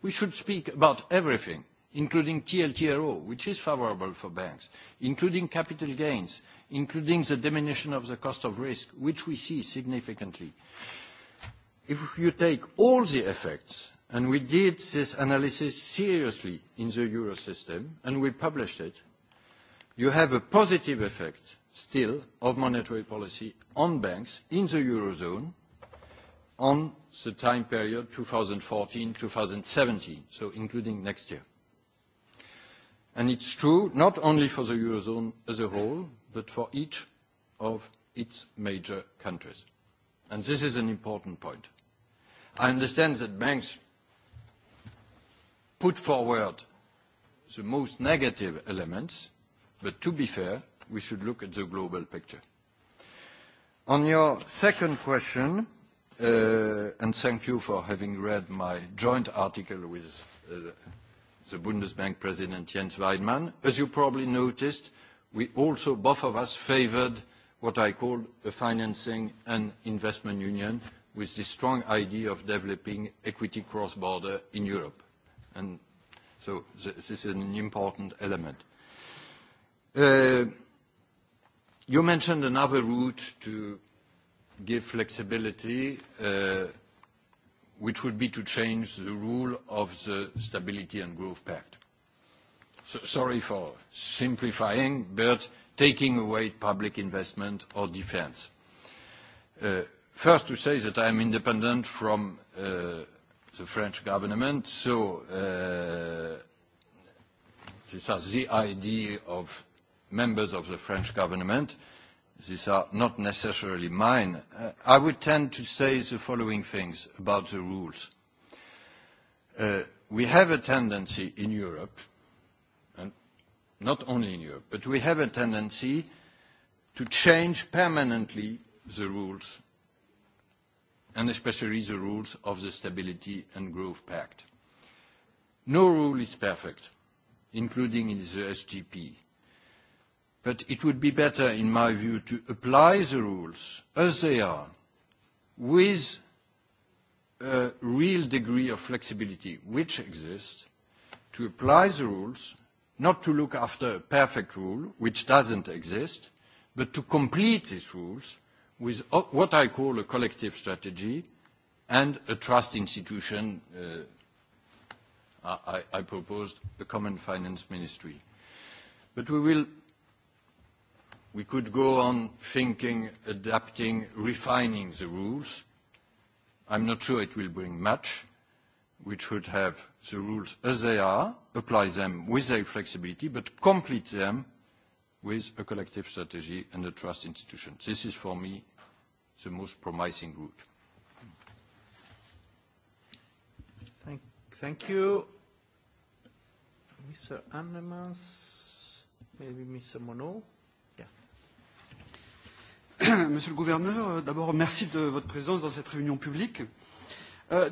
We should speak about everything, including TLTRO, which is favorable for banks, including capital gains, including the diminution of the cost of risk, which we see significantly. If you take all the effects And we did this analysis seriously in the euro system, and we published it. You have a positive effect still of monetary policy on banks in the eurozone on the time period 2014-2017, so including next year. And It's true not only for the eurozone as a whole, but for each of its major countries. And This is an important point. I understand that banks put forward the most negative elements, but to be fair, we should look at the global picture. On your second question, and thank you for having read my joint article with the Bundesbank President, Jens Weidmann. As you probably noticed, we also, both of us, favored what I call a financing and investment union, with the strong idea of developing equity cross-border in Europe. And so th this is an important element. Uh, you mentioned another route to give flexibility, uh, which would be to change the rule of the Stability and Growth Pact. So, sorry for simplifying, but taking away public investment or defense. Uh, first to say that I am independent from uh, the French government. So these are the idea of members of the French government. These are not necessarily mine. I would tend to say the following things about the rules. we have a tendency in Europe, and not only in Europe, but we have a tendency to change permanently the rules and especially the rules of the Stability and Growth Pact. No rule is perfect, including in the SGP, but it would be better, in my view, to apply the rules as they are, with a real degree of flexibility which exists, to apply the rules, not to look after a perfect rule, which doesn't exist, but to complete these rules with what I call a collective strategy and a trust institution. I I proposed the common finance ministry. But we will we could go on thinking, adapting, refining the rules. I'm not sure it will bring much. We should have the rules as they are, apply them with their flexibility, but complete them with a collective strategy and a trust institution. This is, for me, the most promising route. Thank, you. Mr. Annemans, maybe Mr. Monod. Yeah. Monsieur le Gouverneur, d'abord merci de votre présence dans cette réunion publique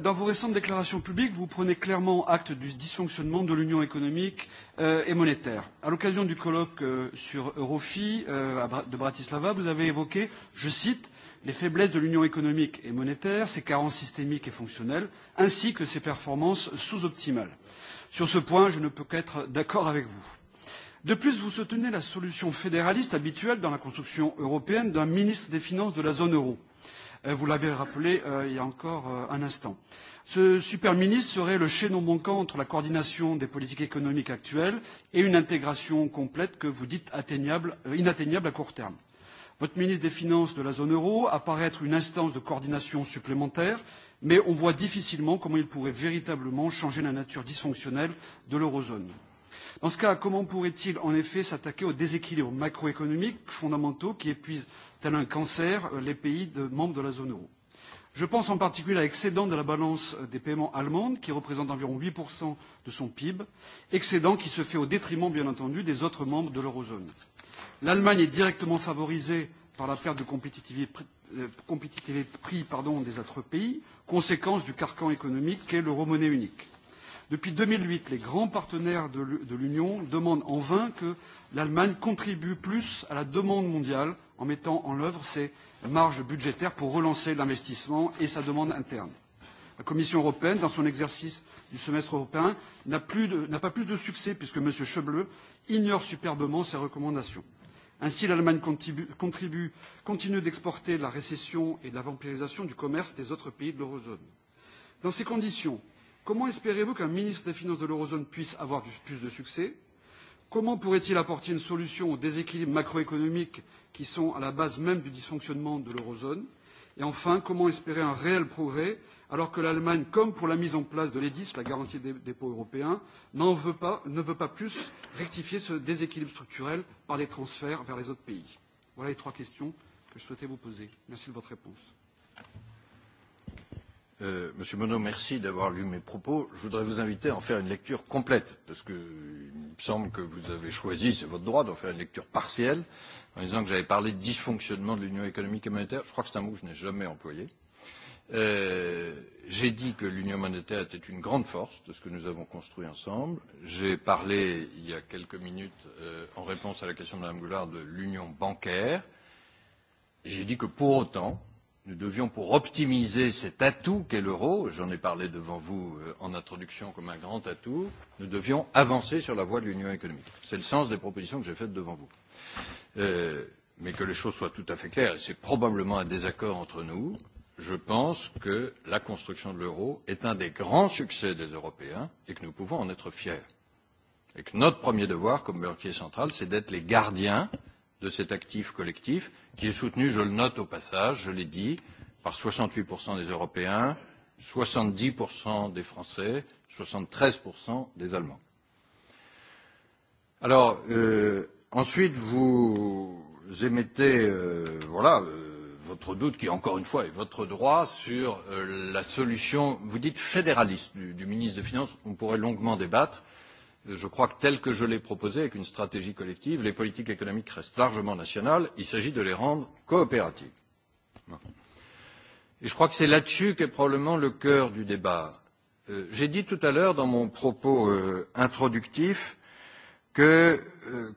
dans vos récentes déclarations publiques, vous prenez clairement acte du dysfonctionnement de l'union économique euh, et monétaire. À l'occasion du colloque euh, sur Eurofi euh, de Bratislava, vous avez évoqué, je cite, les faiblesses de l'union économique et monétaire, ses carences systémiques et fonctionnelles, ainsi que ses performances sous-optimales. Sur ce point, je ne peux qu'être d'accord avec vous. De plus, vous soutenez la solution fédéraliste habituelle dans la construction européenne d'un ministre des Finances de la zone euro vous l'avez rappelé il y a encore un instant. Ce super ministre serait le chaînon manquant entre la coordination des politiques économiques actuelles et une intégration complète que vous dites inatteignable à court terme. Votre ministre des Finances de la zone euro apparaît être une instance de coordination supplémentaire, mais on voit difficilement comment il pourrait véritablement changer la nature dysfonctionnelle de l'eurozone. Dans ce cas, comment pourrait-il en effet s'attaquer aux déséquilibres macroéconomiques fondamentaux qui épuisent tel un cancer, les pays de, membres de la zone euro. Je pense en particulier à l'excédent de la balance des paiements allemande, qui représente environ 8% de son PIB, excédent qui se fait au détriment, bien entendu, des autres membres de l'eurozone. L'Allemagne est directement favorisée par la perte de compétitivité prix pardon, des autres pays, conséquence du carcan économique qu'est l'euro-monnaie unique. Depuis 2008, les grands partenaires de l'Union demandent en vain que l'Allemagne contribue plus à la demande mondiale en mettant en œuvre ses marges budgétaires pour relancer l'investissement et sa demande interne. La Commission européenne, dans son exercice du semestre européen, n'a pas plus de succès puisque M. Schäuble ignore superbement ses recommandations. Ainsi, l'Allemagne continue d'exporter la récession et de la vampirisation du commerce des autres pays de l'eurozone. Dans ces conditions, comment espérez-vous qu'un ministre des Finances de l'eurozone puisse avoir plus de succès Comment pourrait-il apporter une solution aux déséquilibres macroéconomiques qui sont à la base même du dysfonctionnement de l'eurozone Et enfin, comment espérer un réel progrès alors que l'Allemagne, comme pour la mise en place de l'EDIS, la garantie des dépôts européens, veut pas, ne veut pas plus rectifier ce déséquilibre structurel par des transferts vers les autres pays Voilà les trois questions que je souhaitais vous poser. Merci de votre réponse. Monsieur Monod, merci d'avoir lu mes propos. Je voudrais vous inviter à en faire une lecture complète, parce qu'il me semble que vous avez choisi, c'est votre droit, d'en faire une lecture partielle, en disant que j'avais parlé de dysfonctionnement de l'Union économique et monétaire. Je crois que c'est un mot que je n'ai jamais employé. J'ai dit que l'Union monétaire était une grande force de ce que nous avons construit ensemble. J'ai parlé il y a quelques minutes, en réponse à la question de Mme Goulard, de l'Union bancaire. J'ai dit que pour autant, Nous devions, pour optimiser cet atout qu'est l'euro, j'en ai parlé devant vous en introduction comme un grand atout, nous devions avancer sur la voie de l'union économique. C'est le sens des propositions que j'ai faites devant vous. mais que les choses soient tout à fait claires, et c'est probablement un désaccord entre nous, je pense que la construction de l'euro est un des grands succès des Européens et que nous pouvons en être fiers. Et que notre premier devoir, comme banquier central, c'est d'être les gardiens euh, de cet actif collectif, qui est soutenu, je le note au passage, je l'ai dit, par 68% des Européens, 70% des Français, 73% des Allemands. Alors, euh, ensuite, vous émettez euh, voilà, euh, votre doute, qui encore une fois est votre droit, sur euh, la solution, vous dites fédéraliste, du, du ministre des Finances, on pourrait longuement débattre je crois que tel que je l'ai proposé, avec une stratégie collective, les politiques économiques restent largement nationales, il s'agit de les rendre coopératives. Et je crois que c'est là-dessus qu'est probablement le cœur du débat. J'ai dit tout à l'heure dans mon propos introductif que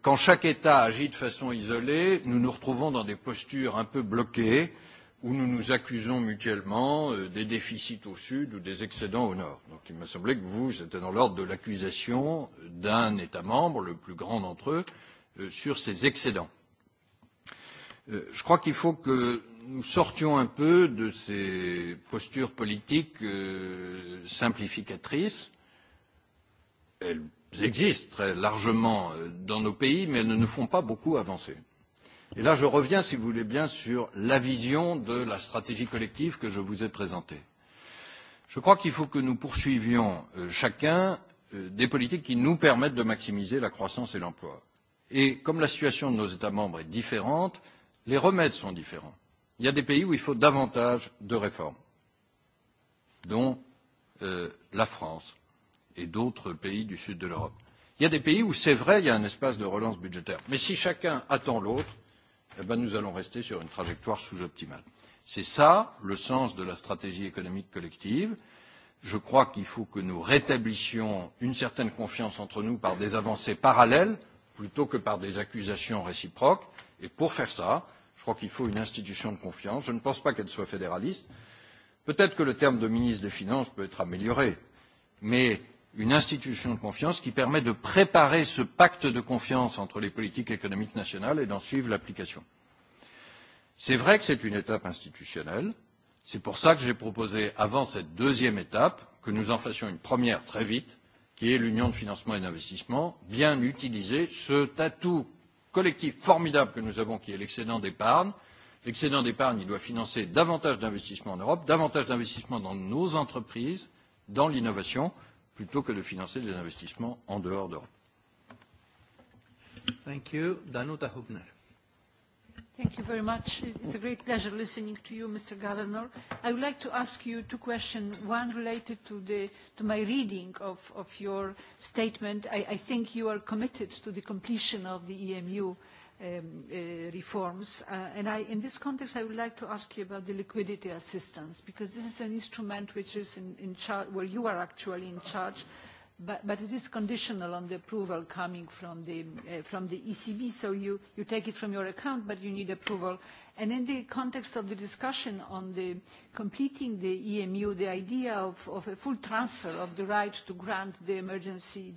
quand chaque État agit de façon isolée, nous nous retrouvons dans des postures un peu bloquées où nous nous accusons mutuellement des déficits au sud ou des excédents au nord. Donc il me semblait que vous, c'était dans l'ordre de l'accusation d'un État membre, le plus grand d'entre eux, sur ces excédents. Je crois qu'il faut que nous sortions un peu de ces postures politiques simplificatrices. Elles existent très largement dans nos pays, mais elles ne nous font pas beaucoup avancer. Et là, je reviens, si vous voulez bien, sur la vision de la stratégie collective que je vous ai présentée. Je crois qu'il faut que nous poursuivions chacun des politiques qui nous permettent de maximiser la croissance et l'emploi. Et comme la situation de nos États membres est différente, les remèdes sont différents. Il y a des pays où il faut davantage de réformes, dont euh, la France et d'autres pays du sud de l'Europe. Il y a des pays où c'est vrai, il y a un espace de relance budgétaire. Mais si chacun attend l'autre, eh bien, nous allons rester sur une trajectoire sous-optimale. C'est ça le sens de la stratégie économique collective. Je crois qu'il faut que nous rétablissions une certaine confiance entre nous par des avancées parallèles plutôt que par des accusations réciproques. Et pour faire ça, je crois qu'il faut une institution de confiance. Je ne pense pas qu'elle soit fédéraliste. Peut-être que le terme de ministre des Finances peut être amélioré, mais une institution de confiance qui permet de préparer ce pacte de confiance entre les politiques économiques nationales et d'en suivre l'application. C'est vrai que c'est une étape institutionnelle. C'est pour ça que j'ai proposé, avant cette deuxième étape, que nous en fassions une première très vite, qui est l'union de financement et d'investissement, bien utiliser ce atout collectif formidable que nous avons, qui est l'excédent d'épargne. L'excédent d'épargne, il doit financer davantage d'investissements en Europe, davantage d'investissements dans nos entreprises, dans l'innovation, plutôt que de financer des investissements en dehors d'Europe. Thank you. Danuta Hubner. Thank you very much. It's a great pleasure listening to you, Mr. Governor. I would like to ask you two questions, one related to, the, to my reading of, of your statement. I, I think you are committed to the completion of the EMU uh, reforms. In this context, I would like to ask you about the liquidity assistance, because this is an instrument which is in charge, where you are actually in charge, but it is conditional on the approval coming from the ECB. So you take it from your account, but you need approval. And in the context of the discussion on the completing the EMU, the idea of a full transfer of the right to grant the emergency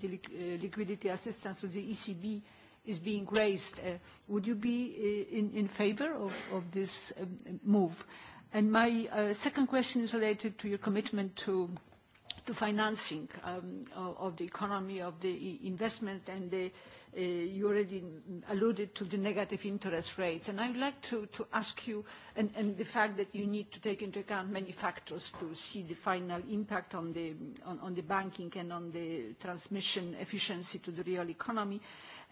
liquidity assistance to the ECB is being raised. Would you be in favor of this move? And My second question is related to your commitment to financing of the economy, of the investment, and you already alluded to the negative interest rates. and I would like to ask you, and the fact that you need to take into account many factors to see the final impact on the banking and on the transmission efficiency to the real economy.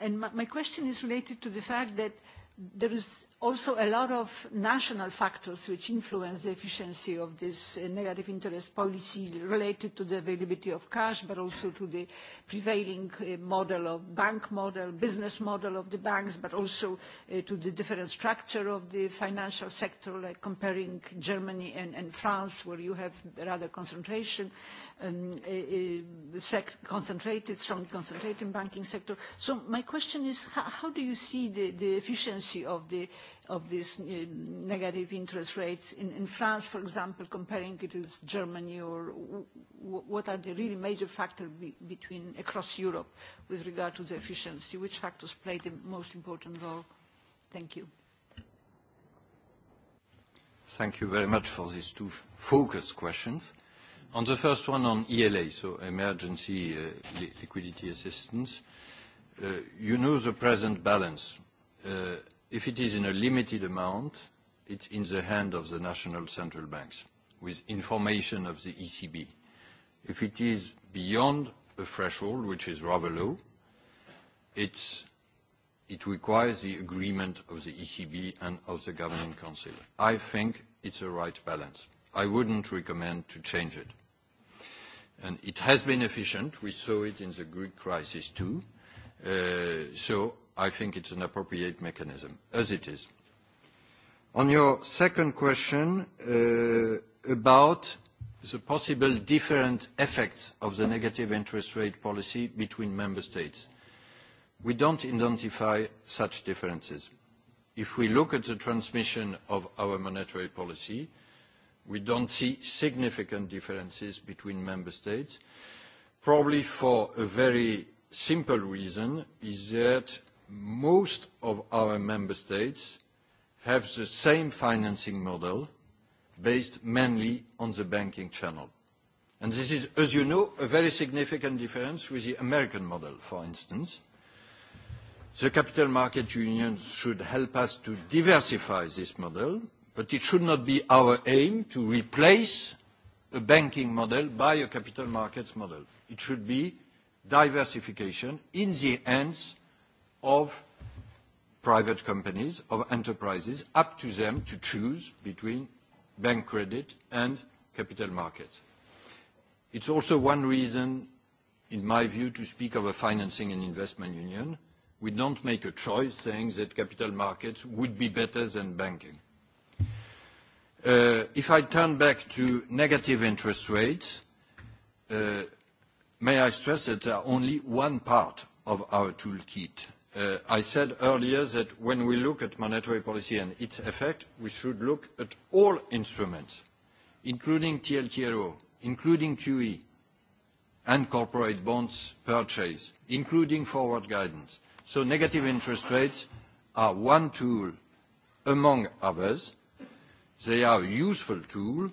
And my, my question is related to the fact that there is also a lot of national factors which influence the efficiency of this negative interest policy related to the availability of cash, but also to the prevailing model of bank model, business model of the banks, but also to the different structure of the financial sector, like comparing Germany and France, where you have rather concentration, concentrated, strongly concentrated banking sector. So my question is, how do you see the efficiency of the of these negative interest rates in France, for example, comparing it with Germany, or what are the really major factors between across Europe with regard to the efficiency? Which factors play the most important role? Thank you. Thank you very much for these two focused questions. On the first one on ELA, so emergency liquidity assistance, you know the present balance If it is in a limited amount, it's in the hand of the national central banks with information of the ECB. If it is beyond a threshold, which is rather low, it's it requires the agreement of the ECB and of the Governing Council. I think it's a right balance. I wouldn't recommend to change it. And It has been efficient. We saw it in the Greek crisis too. So I think it's an appropriate mechanism, as it is. On your second question about the possible different effects of the negative interest rate policy between member states, we don't identify such differences. If we look at the transmission of our monetary policy, we don't see significant differences between member states, probably for a very simple reason, is that most of our member states have the same financing model based mainly on the banking channel. And This is, as you know, a very significant difference with the American model, for instance. The capital market union should help us to diversify this model, but it should not be our aim to replace a banking model by a capital markets model. It should be diversification in the hands of private companies, of enterprises, up to them to choose between bank credit and capital markets. It's also one reason, in my view, to speak of a financing and investment union. We don't make a choice saying that capital markets would be better than banking. If I turn back to negative interest rates, may I stress that they are only one part of our toolkit I said earlier that when we look at monetary policy and its effect, we should look at all instruments, including TLTRO, including QE, and corporate bonds purchase, including forward guidance. So negative interest rates are one tool among others. They are a useful tool,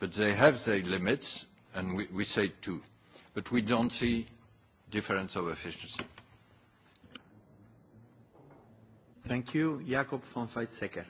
but they have their limits, and we we say two. But we don't see difference of efficiency. Thank you. Jakob von Weizsäcker.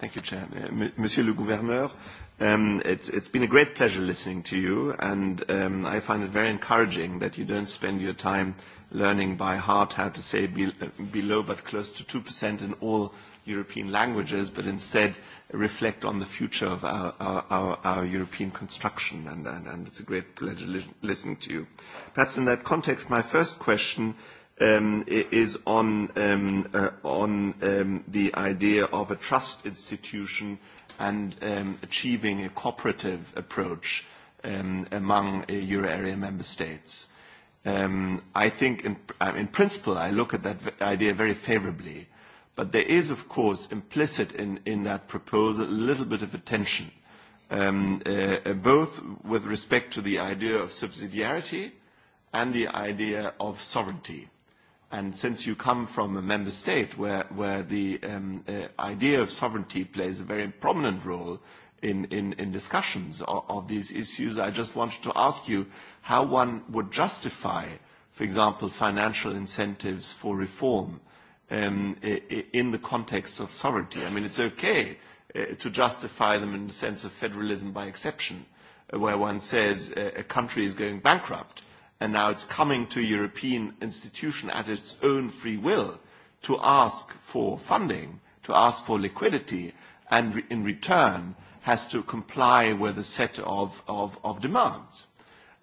Thank you, Chair. Monsieur le Gouverneur, um, it's, it's been a great pleasure listening to you, and um, I find it very encouraging that you don't spend your time learning by heart how to say be, below but close to 2% in all European languages, but instead reflect on the future of our, our, our, our European construction, and, and, and it's a great pleasure li- listening to you. Perhaps in that context, my first question is on, the idea of a trust institution and achieving a cooperative approach among euro area member states. I think in, in principle I look at that idea very favorably, but there is of course implicit in, in that proposal a little bit of a tension, both with respect to the idea of subsidiarity and the idea of sovereignty And since you come from a member state where, where the um, uh, idea of sovereignty plays a very prominent role in, in, in discussions of, of these issues, I just wanted to ask you how one would justify, for example, financial incentives for reform um, in the context of sovereignty. I mean, it's okay uh, to justify them in the sense of federalism by exception, where one says a country is going bankrupt and now it's coming to a European institution at its own free will to ask for funding, to ask for liquidity, and re- in return has to comply with a set of, of, of demands.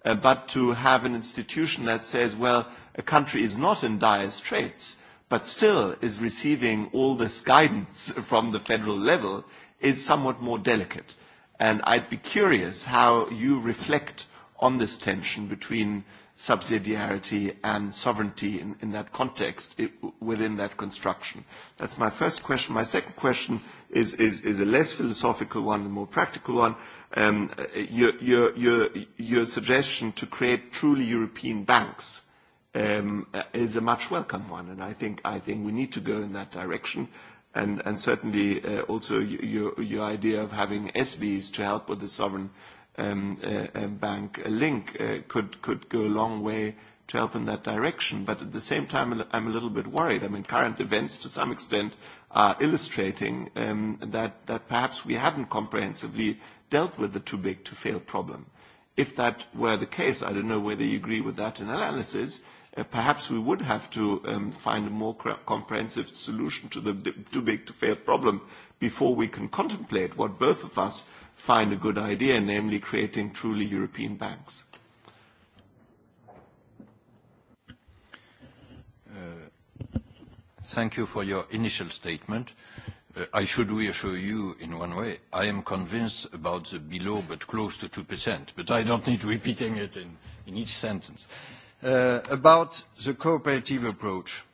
Uh, but to have an institution that says, well, a country is not in dire straits, but still is receiving all this guidance from the federal level is somewhat more delicate. And I'd be curious how you reflect on this tension between subsidiarity and sovereignty in, in that context, it, within that construction? That's my first question. My second question is, is, is a less philosophical one, a more practical one. Um, your, your, your, your suggestion to create truly European banks um, is a much welcome one, and I think, I think we need to go in that direction. And, and certainly uh, also your, your idea of having SBs to help with the sovereign uh, um, bank link could, could go a long way to help in that direction. But at the same time, I'm a little bit worried. I mean, current events to some extent are illustrating that, perhaps we haven't comprehensively dealt with the too big to fail problem. If that were the case, I don't know whether you agree with that analysis, perhaps we would have to find a more comprehensive solution to the too big to fail problem before we can contemplate what both of us find a good idea, namely creating truly European banks. Thank you for your initial statement. I should reassure you in one way. I am convinced about the below but close to 2%, but I don't need repeating it in each sentence. About the cooperative approach,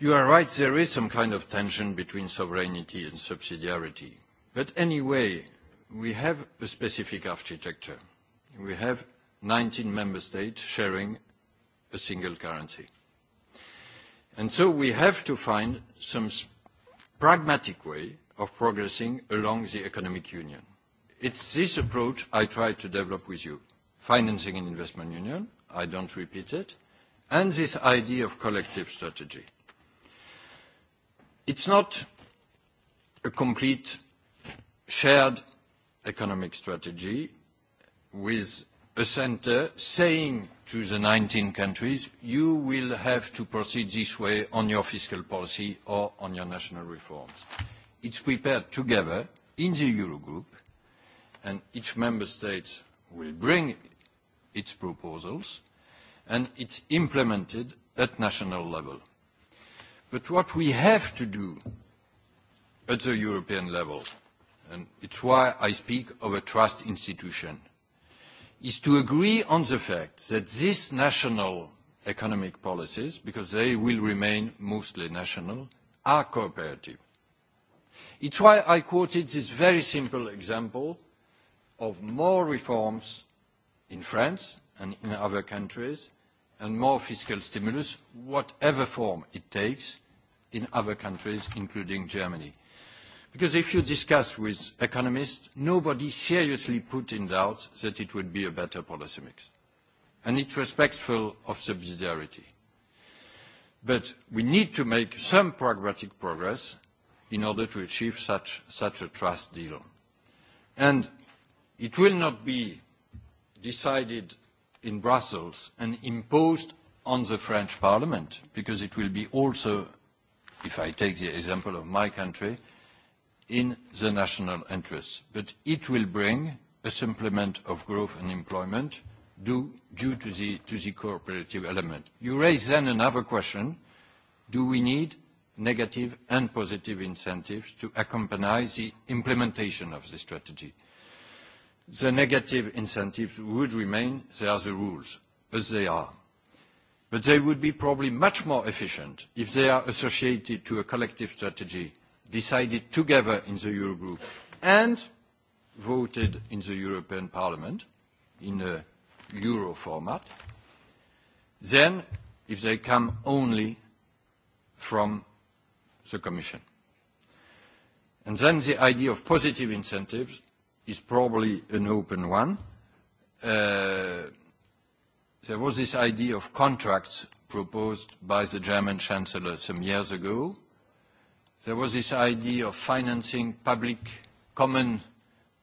You are right, there is some kind of tension between sovereignty and subsidiarity. But anyway, we have a specific architecture. We have 19 member states sharing a single currency. And so we have to find some pragmatic way of progressing along the economic union. It's this approach I try to develop with you. Financing and investment union, I don't repeat it, and this idea of collective strategy. It's not a complete shared economic strategy with a center saying to the 19 countries, "You will have to proceed this way on your fiscal policy or on your national reforms." It's prepared together in the Eurogroup, and each member state will bring its proposals, and it's implemented at national level. But what we have to do at the European level, and it's why I speak of a trust institution, is to agree on the fact that these national economic policies, because they will remain mostly national, are cooperative. It's why I quoted this very simple example of more reforms in France and in other countries and more fiscal stimulus, whatever form it takes, in other countries, including Germany. Because if you discuss with economists, nobody seriously put in doubt that it would be a better policy mix. And it's respectful of subsidiarity. But we need to make some pragmatic progress in order to achieve such, such a trust deal. And it will not be decided in Brussels and imposed on the French Parliament, because it will be also, if I take the example of my country, in the national interest. But it will bring a supplement of growth and employment due to the cooperative element. You raise then another question, do we need negative and positive incentives to accompany the implementation of the strategy? The negative incentives would remain, they are the rules, as they are. But they would be probably much more efficient if they are associated to a collective strategy decided together in the Eurogroup and voted in the European Parliament in a Euro format, than if they come only from the Commission. And then the idea of positive incentives is probably an open one. There was this idea of contracts proposed by the German Chancellor some years ago. There was this idea of financing public, common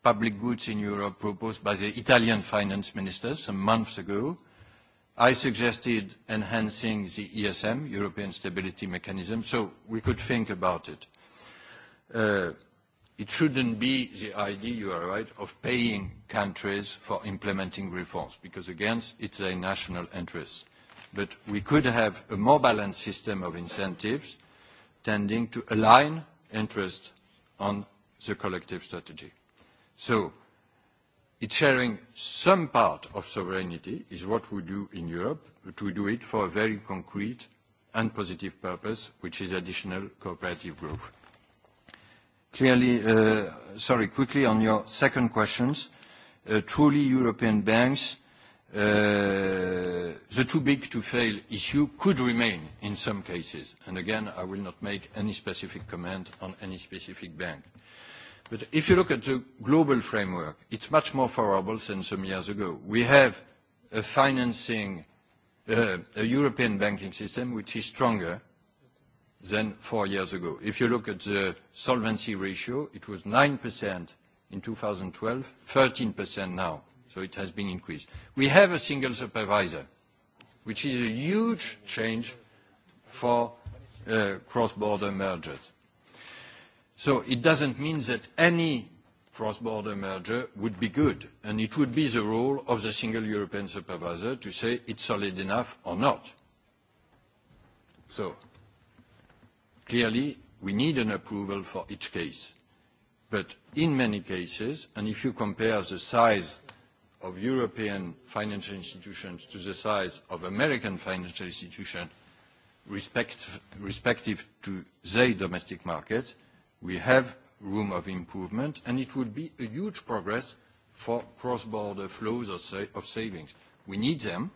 public goods in Europe proposed by the Italian finance minister some months ago. I suggested enhancing the ESM, European Stability Mechanism, so we could think about it. It shouldn't be the idea, you are right, of paying countries for implementing reforms, because again, it's their national interest. But we could have a more balanced system of incentives tending to align interest on the collective strategy. So it's sharing some part of sovereignty is what we do in Europe, but we do it for a very concrete and positive purpose, which is additional cooperative growth. Clearly, sorry, quickly on your second questions. Truly European banks, the too big to fail issue could remain in some cases. And Again, I will not make any specific comment on any specific bank. But If you look at the global framework, it's much more favorable than some years ago. We have a financing, a European banking system which is stronger, than four years ago. If you look at the solvency ratio, it was 9% in 2012, 13% now, so it has been increased. We have a single supervisor, which is a huge change for cross-border mergers. So It doesn't mean that any cross-border merger would be good, and it would be the role of the single European supervisor to say it's solid enough or not. So Clearly, we need an approval for each case. But in many cases, and if you compare the size of European financial institutions to the size of American financial institutions respective to their domestic markets, we have room of improvement, and it would be a huge progress for cross-border flows of savings. We need them.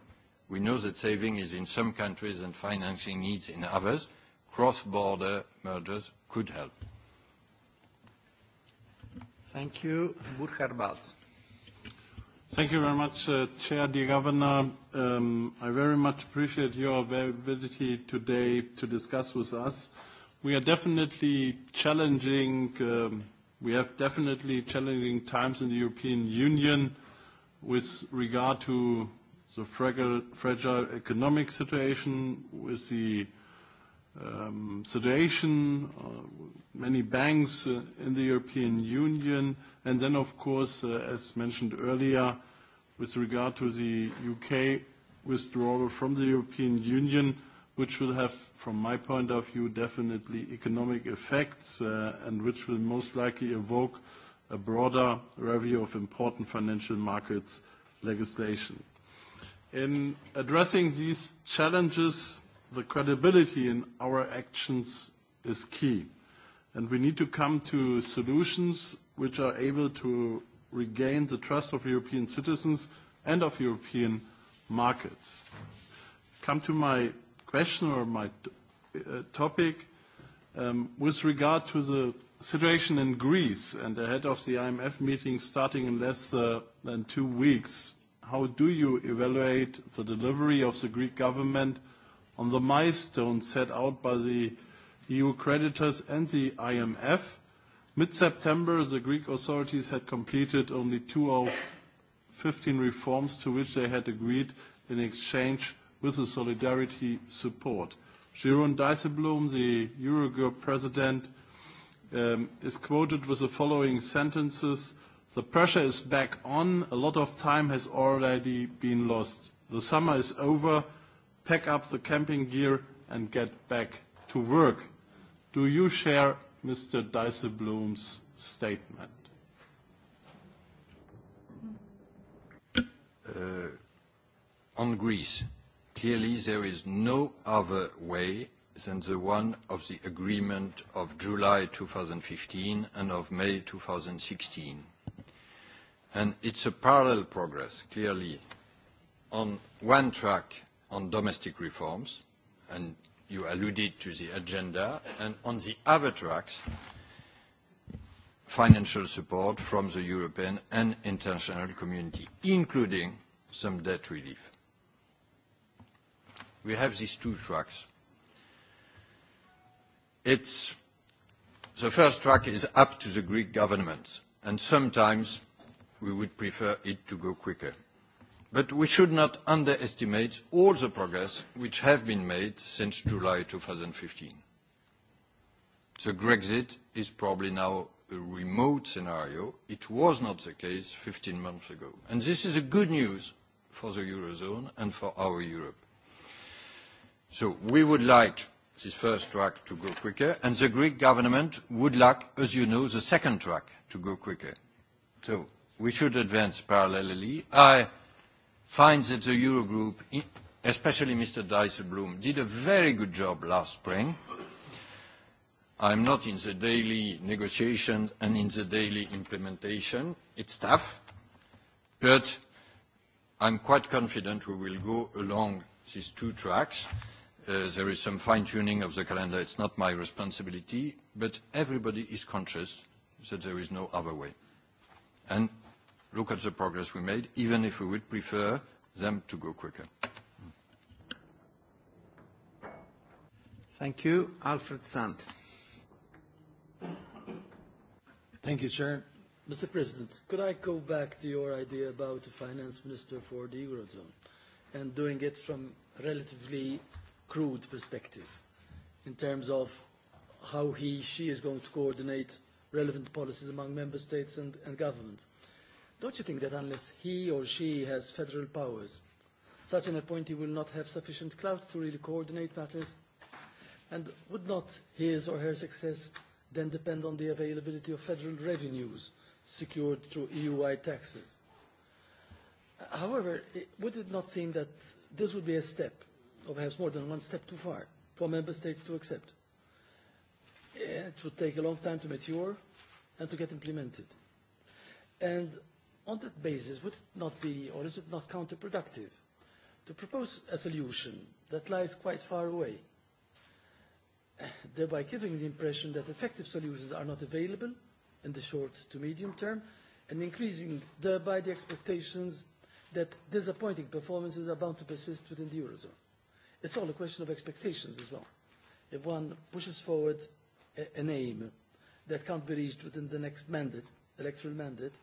We know that saving is in some countries and financing needs in others, cross-border mergers could help. Thank you. Burkhard Balz. Thank you very much, Chair. Dear Governor, I very much appreciate your availability today to discuss with us. We are definitely challenging, we have definitely challenging times in the European Union with regard to the fragile economic situation, with the um, situation, uh, many banks uh, in the European Union, and then, of course, uh, as mentioned earlier, with regard to the UK withdrawal from the European Union, which will have, from my point of view, definitely economic effects uh, and which will most likely evoke a broader review of important financial markets legislation. In addressing these challenges, the credibility in our actions is key, and we need to come to solutions which are able to regain the trust of European citizens and of European markets. Come to my question or my topic. With regard to the situation in Greece and ahead of the IMF meeting starting in less than two weeks, how do you evaluate the delivery of the Greek government on the milestones set out by the EU creditors and the IMF. Mid-September, the Greek authorities had completed only two of 15 reforms to which they had agreed in exchange with the solidarity support. Jeroen Dijsselbloem, the Eurogroup president, is quoted with the following sentences: "The pressure is back on. A lot of time has already been lost. The summer is over pack up the camping gear and get back to work. Do you share Mr. Dijsselbloem's statement? On Greece, clearly there is no other way than the one of the agreement of July 2015 and of May 2016. And It's a parallel progress, clearly. On one track, on domestic reforms, and you alluded to the agenda, and on the other tracks, financial support from the European and international community, including some debt relief. We have these two tracks. It's the first track is up to the Greek government, and sometimes we would prefer it to go quicker. But we should not underestimate all the progress which have been made since July 2015. The Grexit is probably now a remote scenario. It was not the case 15 months ago. And this is good news for the Eurozone and for our Europe. So we would like this first track to go quicker, and the Greek government would like, as you know, the second track to go quicker. So we should advance parallelly. I finds that the Eurogroup, especially Mr. Dijsselbloem, did a very good job last spring. I'm not in the daily negotiations and in the daily implementation. It's tough, but I'm quite confident we will go along these two tracks. There is some fine-tuning of the calendar. It's not my responsibility, but everybody is conscious that there is no other way. And look at the progress we made, even if we would prefer them to go quicker. Thank you. Alfred Sant. Thank you, Chair. Mr. President, could I go back to your idea about the finance minister for the Eurozone and doing it from a relatively crude perspective in terms of how he, she is going to coordinate relevant policies among member states and, and government? Don't you think that unless he or she has federal powers, such an appointee will not have sufficient clout to really coordinate matters? And would not his or her success then depend on the availability of federal revenues secured through EU-wide taxes? However, would it not seem that this would be a step, or perhaps more than one step too far, for member states to accept? It would take a long time to mature and to get implemented. And on that basis, would it not be, or is it not counterproductive, to propose a solution that lies quite far away, thereby giving the impression that effective solutions are not available in the short to medium term, and increasing thereby the expectations that disappointing performances are bound to persist within the Eurozone. It's all a question of expectations as well. If one pushes forward a, an aim that can't be reached within the next mandate, electoral mandate,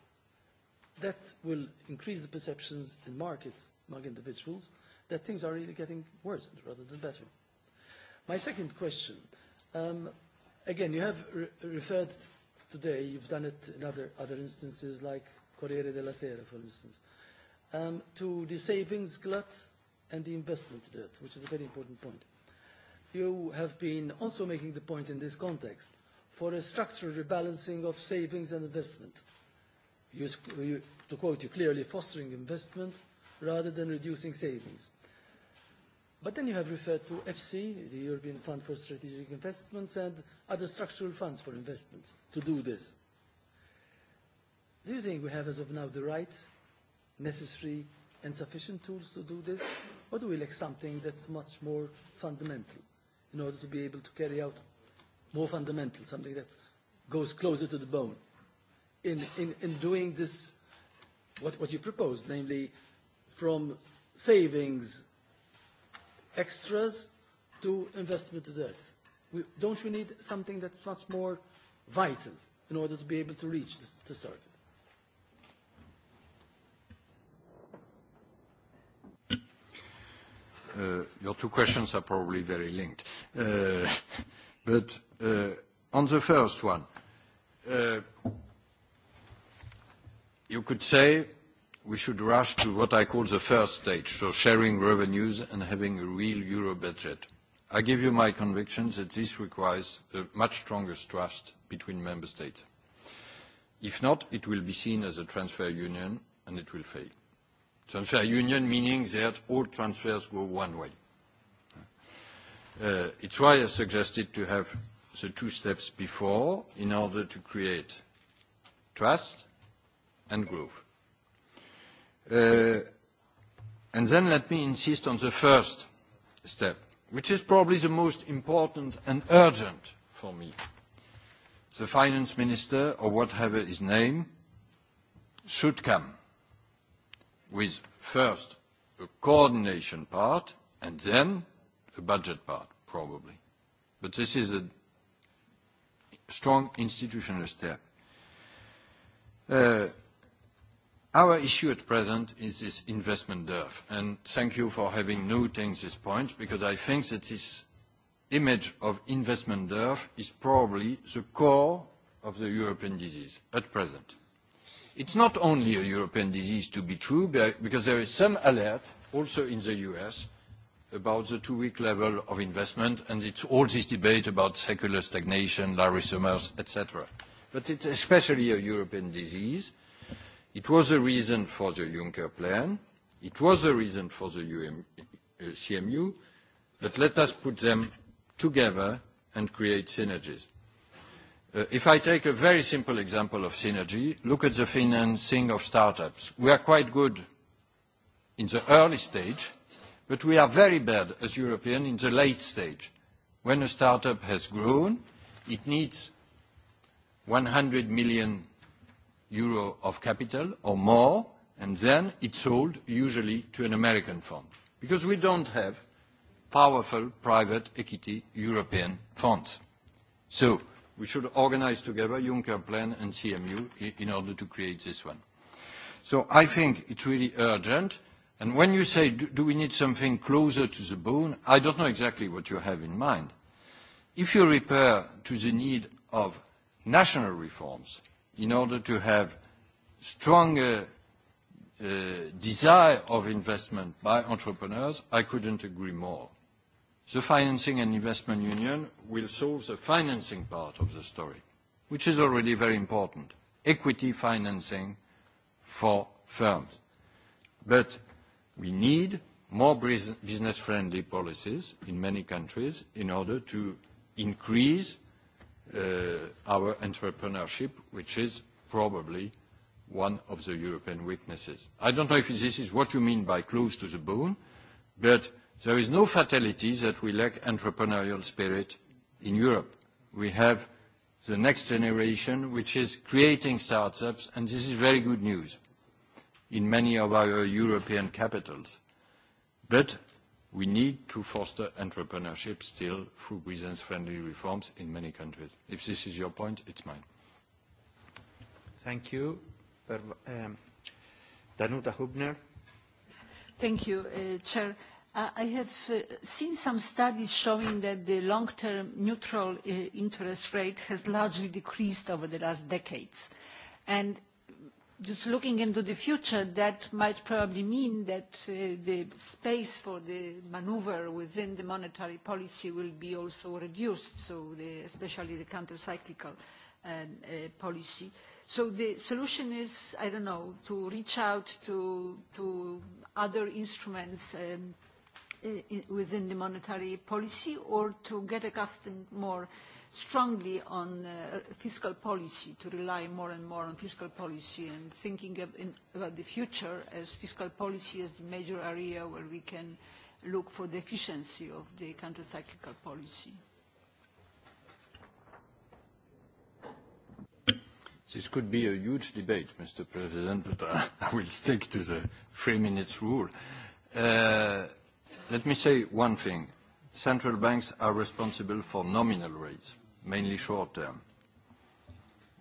That will increase the perceptions in markets among individuals that things are really getting worse rather than better. My second question, um, again, you have re referred today, you've done it in other, other instances like Corriere della Sera, for instance, um, to the savings glut and the investment debt, which is a very important point. You have been also making the point in this context for a structural rebalancing of savings and investment to quote you clearly, fostering investment rather than reducing savings. But then you have referred to FC, the European Fund for Strategic Investments, and other structural funds for investments to do this. Do you think we have, as of now, the right, necessary, and sufficient tools to do this? Or do we lack something that's much more fundamental in order to be able to carry out more fundamental, something that goes closer to the bone? in, in, in doing this, what, what you proposed, namely from savings extras to investment to that. We, don't we need something that's much more vital in order to be able to reach this, this target? Uh, your two questions are probably very linked. Uh, but uh, on the first one, uh, You could say we should rush to what I call the first stage, so sharing revenues and having a real euro budget. I give you my conviction that this requires a much stronger trust between member states. If not, it will be seen as a transfer union, and it will fail. Transfer union meaning that all transfers go one way. It's why I suggested to have the two steps before in order to create trust and growth. And then let me insist on the first step, which is probably the most important and urgent for me. The finance minister, or whatever his name, should come with first a coordination part and then a budget part, probably. But this is a strong institutional step. Our issue at present is this investment dearth, and thank you for having noting this point, because I think that this image of investment dearth is probably the core of the European disease at present. It's not only a European disease to be true, because there is some alert also in the U.S. about the two-week level of investment, and it's all this debate about secular stagnation, Larry Summers, et cetera. It's especially a European disease, It was the reason for the Juncker plan. It was the reason for the UM CMU. But let us put them together and create synergies. If I take a very simple example of synergy, look at the financing of startups. We are quite good in the early stage, but we are very bad as Europeans in the late stage. When a startup has grown, it needs 100 million euro of capital or more, and then it's sold usually to an American fund. Because we don't have powerful private equity European funds. So we should organize together Juncker Plan and CMU in order to create this one. So I think it's really urgent. And when you say, do we need something closer to the bone, I don't know exactly what you have in mind. If you refer to the need of national reforms, in order to have stronger desire of investment by entrepreneurs, I couldn't agree more. The Financing and Investment Union will solve the financing part of the story, which is already very important, equity financing for firms. But we need more business-friendly policies in many countries in order to increase our entrepreneurship, which is probably one of the European weaknesses. I don't know if this is what you mean by close to the bone, but there is no fatality that we lack entrepreneurial spirit in Europe. We have the next generation, which is creating startups, and this is very good news in many of our European capitals. But We need to foster entrepreneurship still through business-friendly reforms in many countries. If this is your point, it's mine. Thank you. Danuta Hübner. Thank you, Chair. I have seen some studies showing that the long-term neutral interest rate has largely decreased over the last decades. And just looking into the future, that might probably mean that the space for the maneuver within the monetary policy will be also reduced, so the, especially the counter-cyclical policy. So the solution is, I don't know, to reach out to, to other instruments within the monetary policy or to get accustomed more uh, strongly on uh, fiscal policy, to rely more and more on fiscal policy and thinking of in, about the future as fiscal policy is the major area where we can look for the efficiency of the counter-cyclical policy. This could be a huge debate, Mr. President, but I will stick to the three minutes rule. Let me say one thing. Central banks are responsible for nominal rates mainly short term.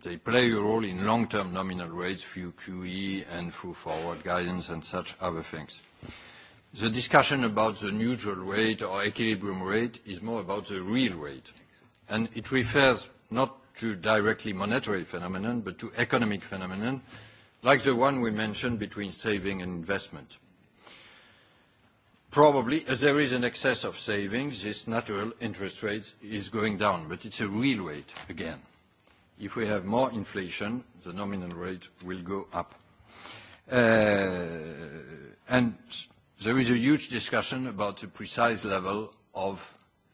They play a role in long-term nominal rates through QE and through forward guidance and such other things. The discussion about the neutral rate or equilibrium rate is more about the real rate, and it refers not to directly monetary phenomenon, but to economic phenomenon, like the one we mentioned between saving and investment. Probably, as there is an excess of savings, this natural interest rate is going down, but it's a real rate again. If we have more inflation, the nominal rate will go up. And there is a huge discussion about the precise level of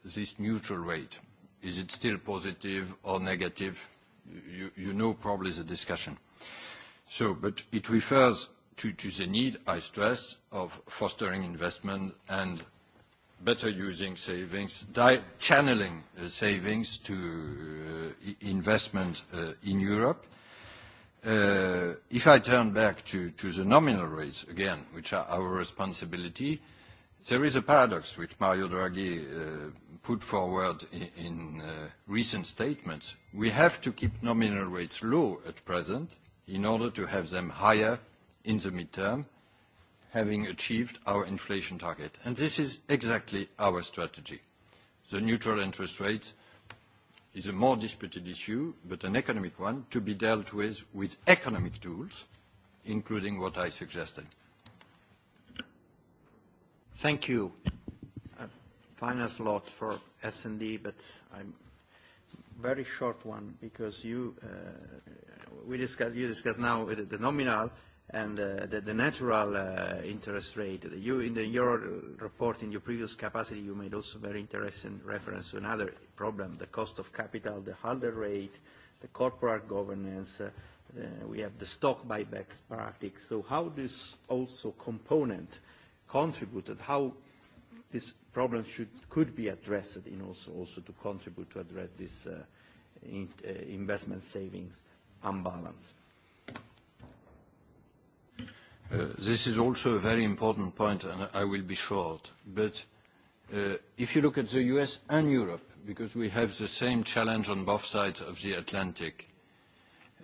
this neutral rate. Is it still positive or negative? You know probably the discussion. So, but it refers to the need, I stress, of fostering investment and better using savings, channeling savings to investment in Europe. If I turn back to the nominal rates again, which are our responsibility, there is a paradox which Mario Draghi put forward in recent statements. We have to keep nominal rates low at present in order to have them higher in the midterm, having achieved our inflation target. this is exactly our strategy. The neutral interest rate is a more disputed issue, but an economic one to be dealt with with economic tools, including what I suggested. Thank you. Finance lot for S&D, but I'm very short one because you, discuss, now the nominal, and uh, the, the natural uh, interest rate. You, in the, your report, in your previous capacity, you made also very interesting reference to another problem, the cost of capital, the holder rate, the corporate governance, uh, uh, we have the stock buybacks practice. So how this also component contributed, how this problem should, could be addressed in also, also to contribute to address this uh, in, uh, investment savings imbalance. This is also a very important point, and I will be short. But if you look at the U.S. and Europe, because we have the same challenge on both sides of the Atlantic,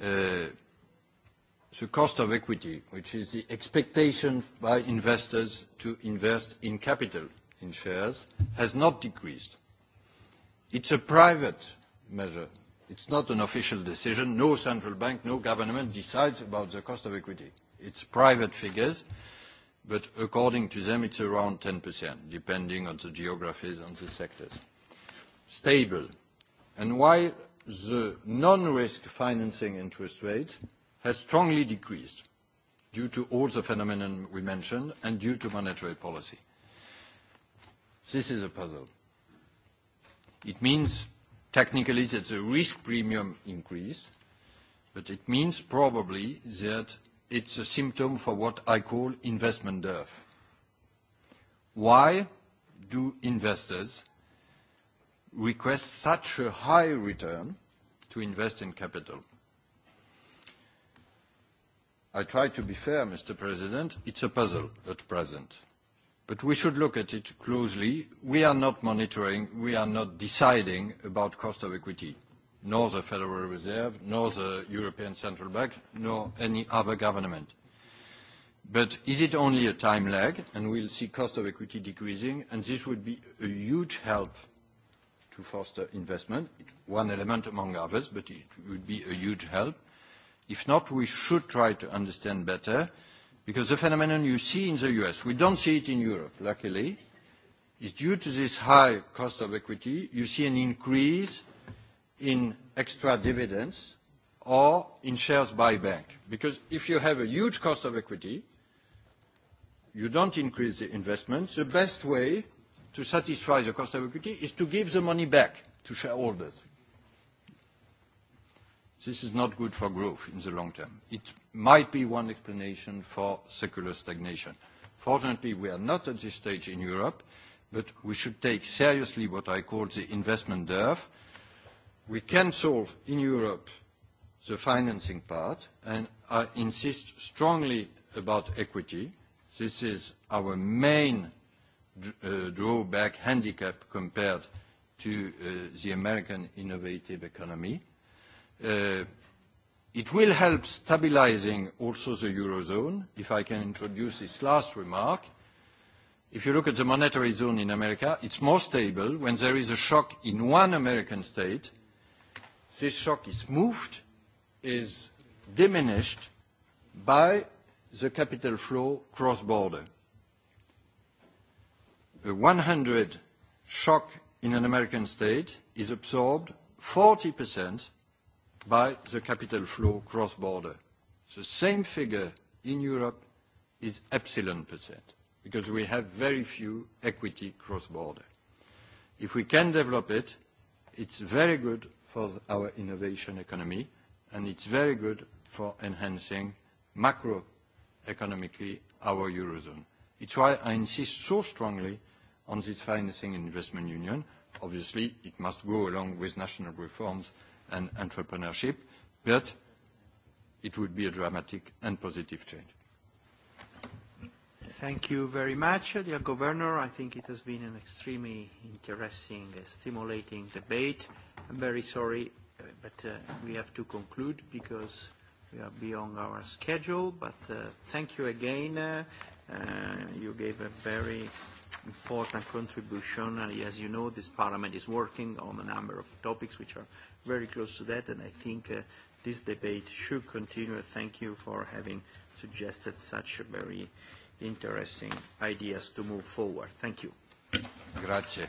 the cost of equity, which is the expectation by investors to invest in capital, in shares, has not decreased. It's a private measure. It's not an official decision. No central bank, no government decides about the cost of equity. It's private figures, but according to them, it's around 10%, depending on the geographies and the sectors. Stable. And While the non-risk financing interest rate has strongly decreased due to all the phenomenon we mentioned and due to monetary policy. This is a puzzle. It means technically that the risk premium increased, but it means probably that it's a symptom for what I call investment dearth. Why do investors request such a high return to invest in capital? I try to be fair, Mr. President. It's a puzzle at present, but we should look at it closely. We are not monitoring, we are not deciding about cost of equity nor the Federal Reserve, nor the European Central Bank, nor any other government. But is it only a time lag, and we'll see cost of equity decreasing, and this would be a huge help to foster investment, one element among others, but it would be a huge help. If not, we should try to understand better, because the phenomenon you see in the U.S., we don't see it in Europe, luckily, is due to this high cost of equity. You see an increase in extra dividends or in shares buyback. Because if you have a huge cost of equity, you don't increase the investments. The best way to satisfy the cost of equity is to give the money back to shareholders. This is not good for growth in the long term. It might be one explanation for secular stagnation. Fortunately, we are not at this stage in Europe, but we should take seriously what I call the investment dearth, We can solve in Europe the financing part, and I insist strongly about equity. This is our main drawback, handicap compared to the American innovative economy. It will help stabilizing also the Eurozone, if I can introduce this last remark. If you look at the monetary zone in America, it's more stable. When there is a shock in one American state, this shock is moved, is diminished by the capital flow cross-border. A 100 shock in an American state is absorbed 40% by the capital flow cross-border. The same figure in Europe is epsilon percent, because we have very few equity cross-border. If we can develop it, it's very good for our innovation economy, and it's very good for enhancing macroeconomically our Eurozone. It's why I insist so strongly on this financing and investment union. Obviously, it must go along with national reforms and entrepreneurship, but it would be a dramatic and positive change. Thank you very much, dear Governor. I think it has been an extremely interesting, stimulating debate. I'm very sorry, but uh, we have to conclude because we are beyond our schedule. But uh, thank you again. Uh, you gave a very important contribution. As you know, this parliament is working on a number of topics which are very close to that, and I think uh, this debate should continue. Thank you for having suggested such very interesting ideas to move forward. Thank you. Grazie.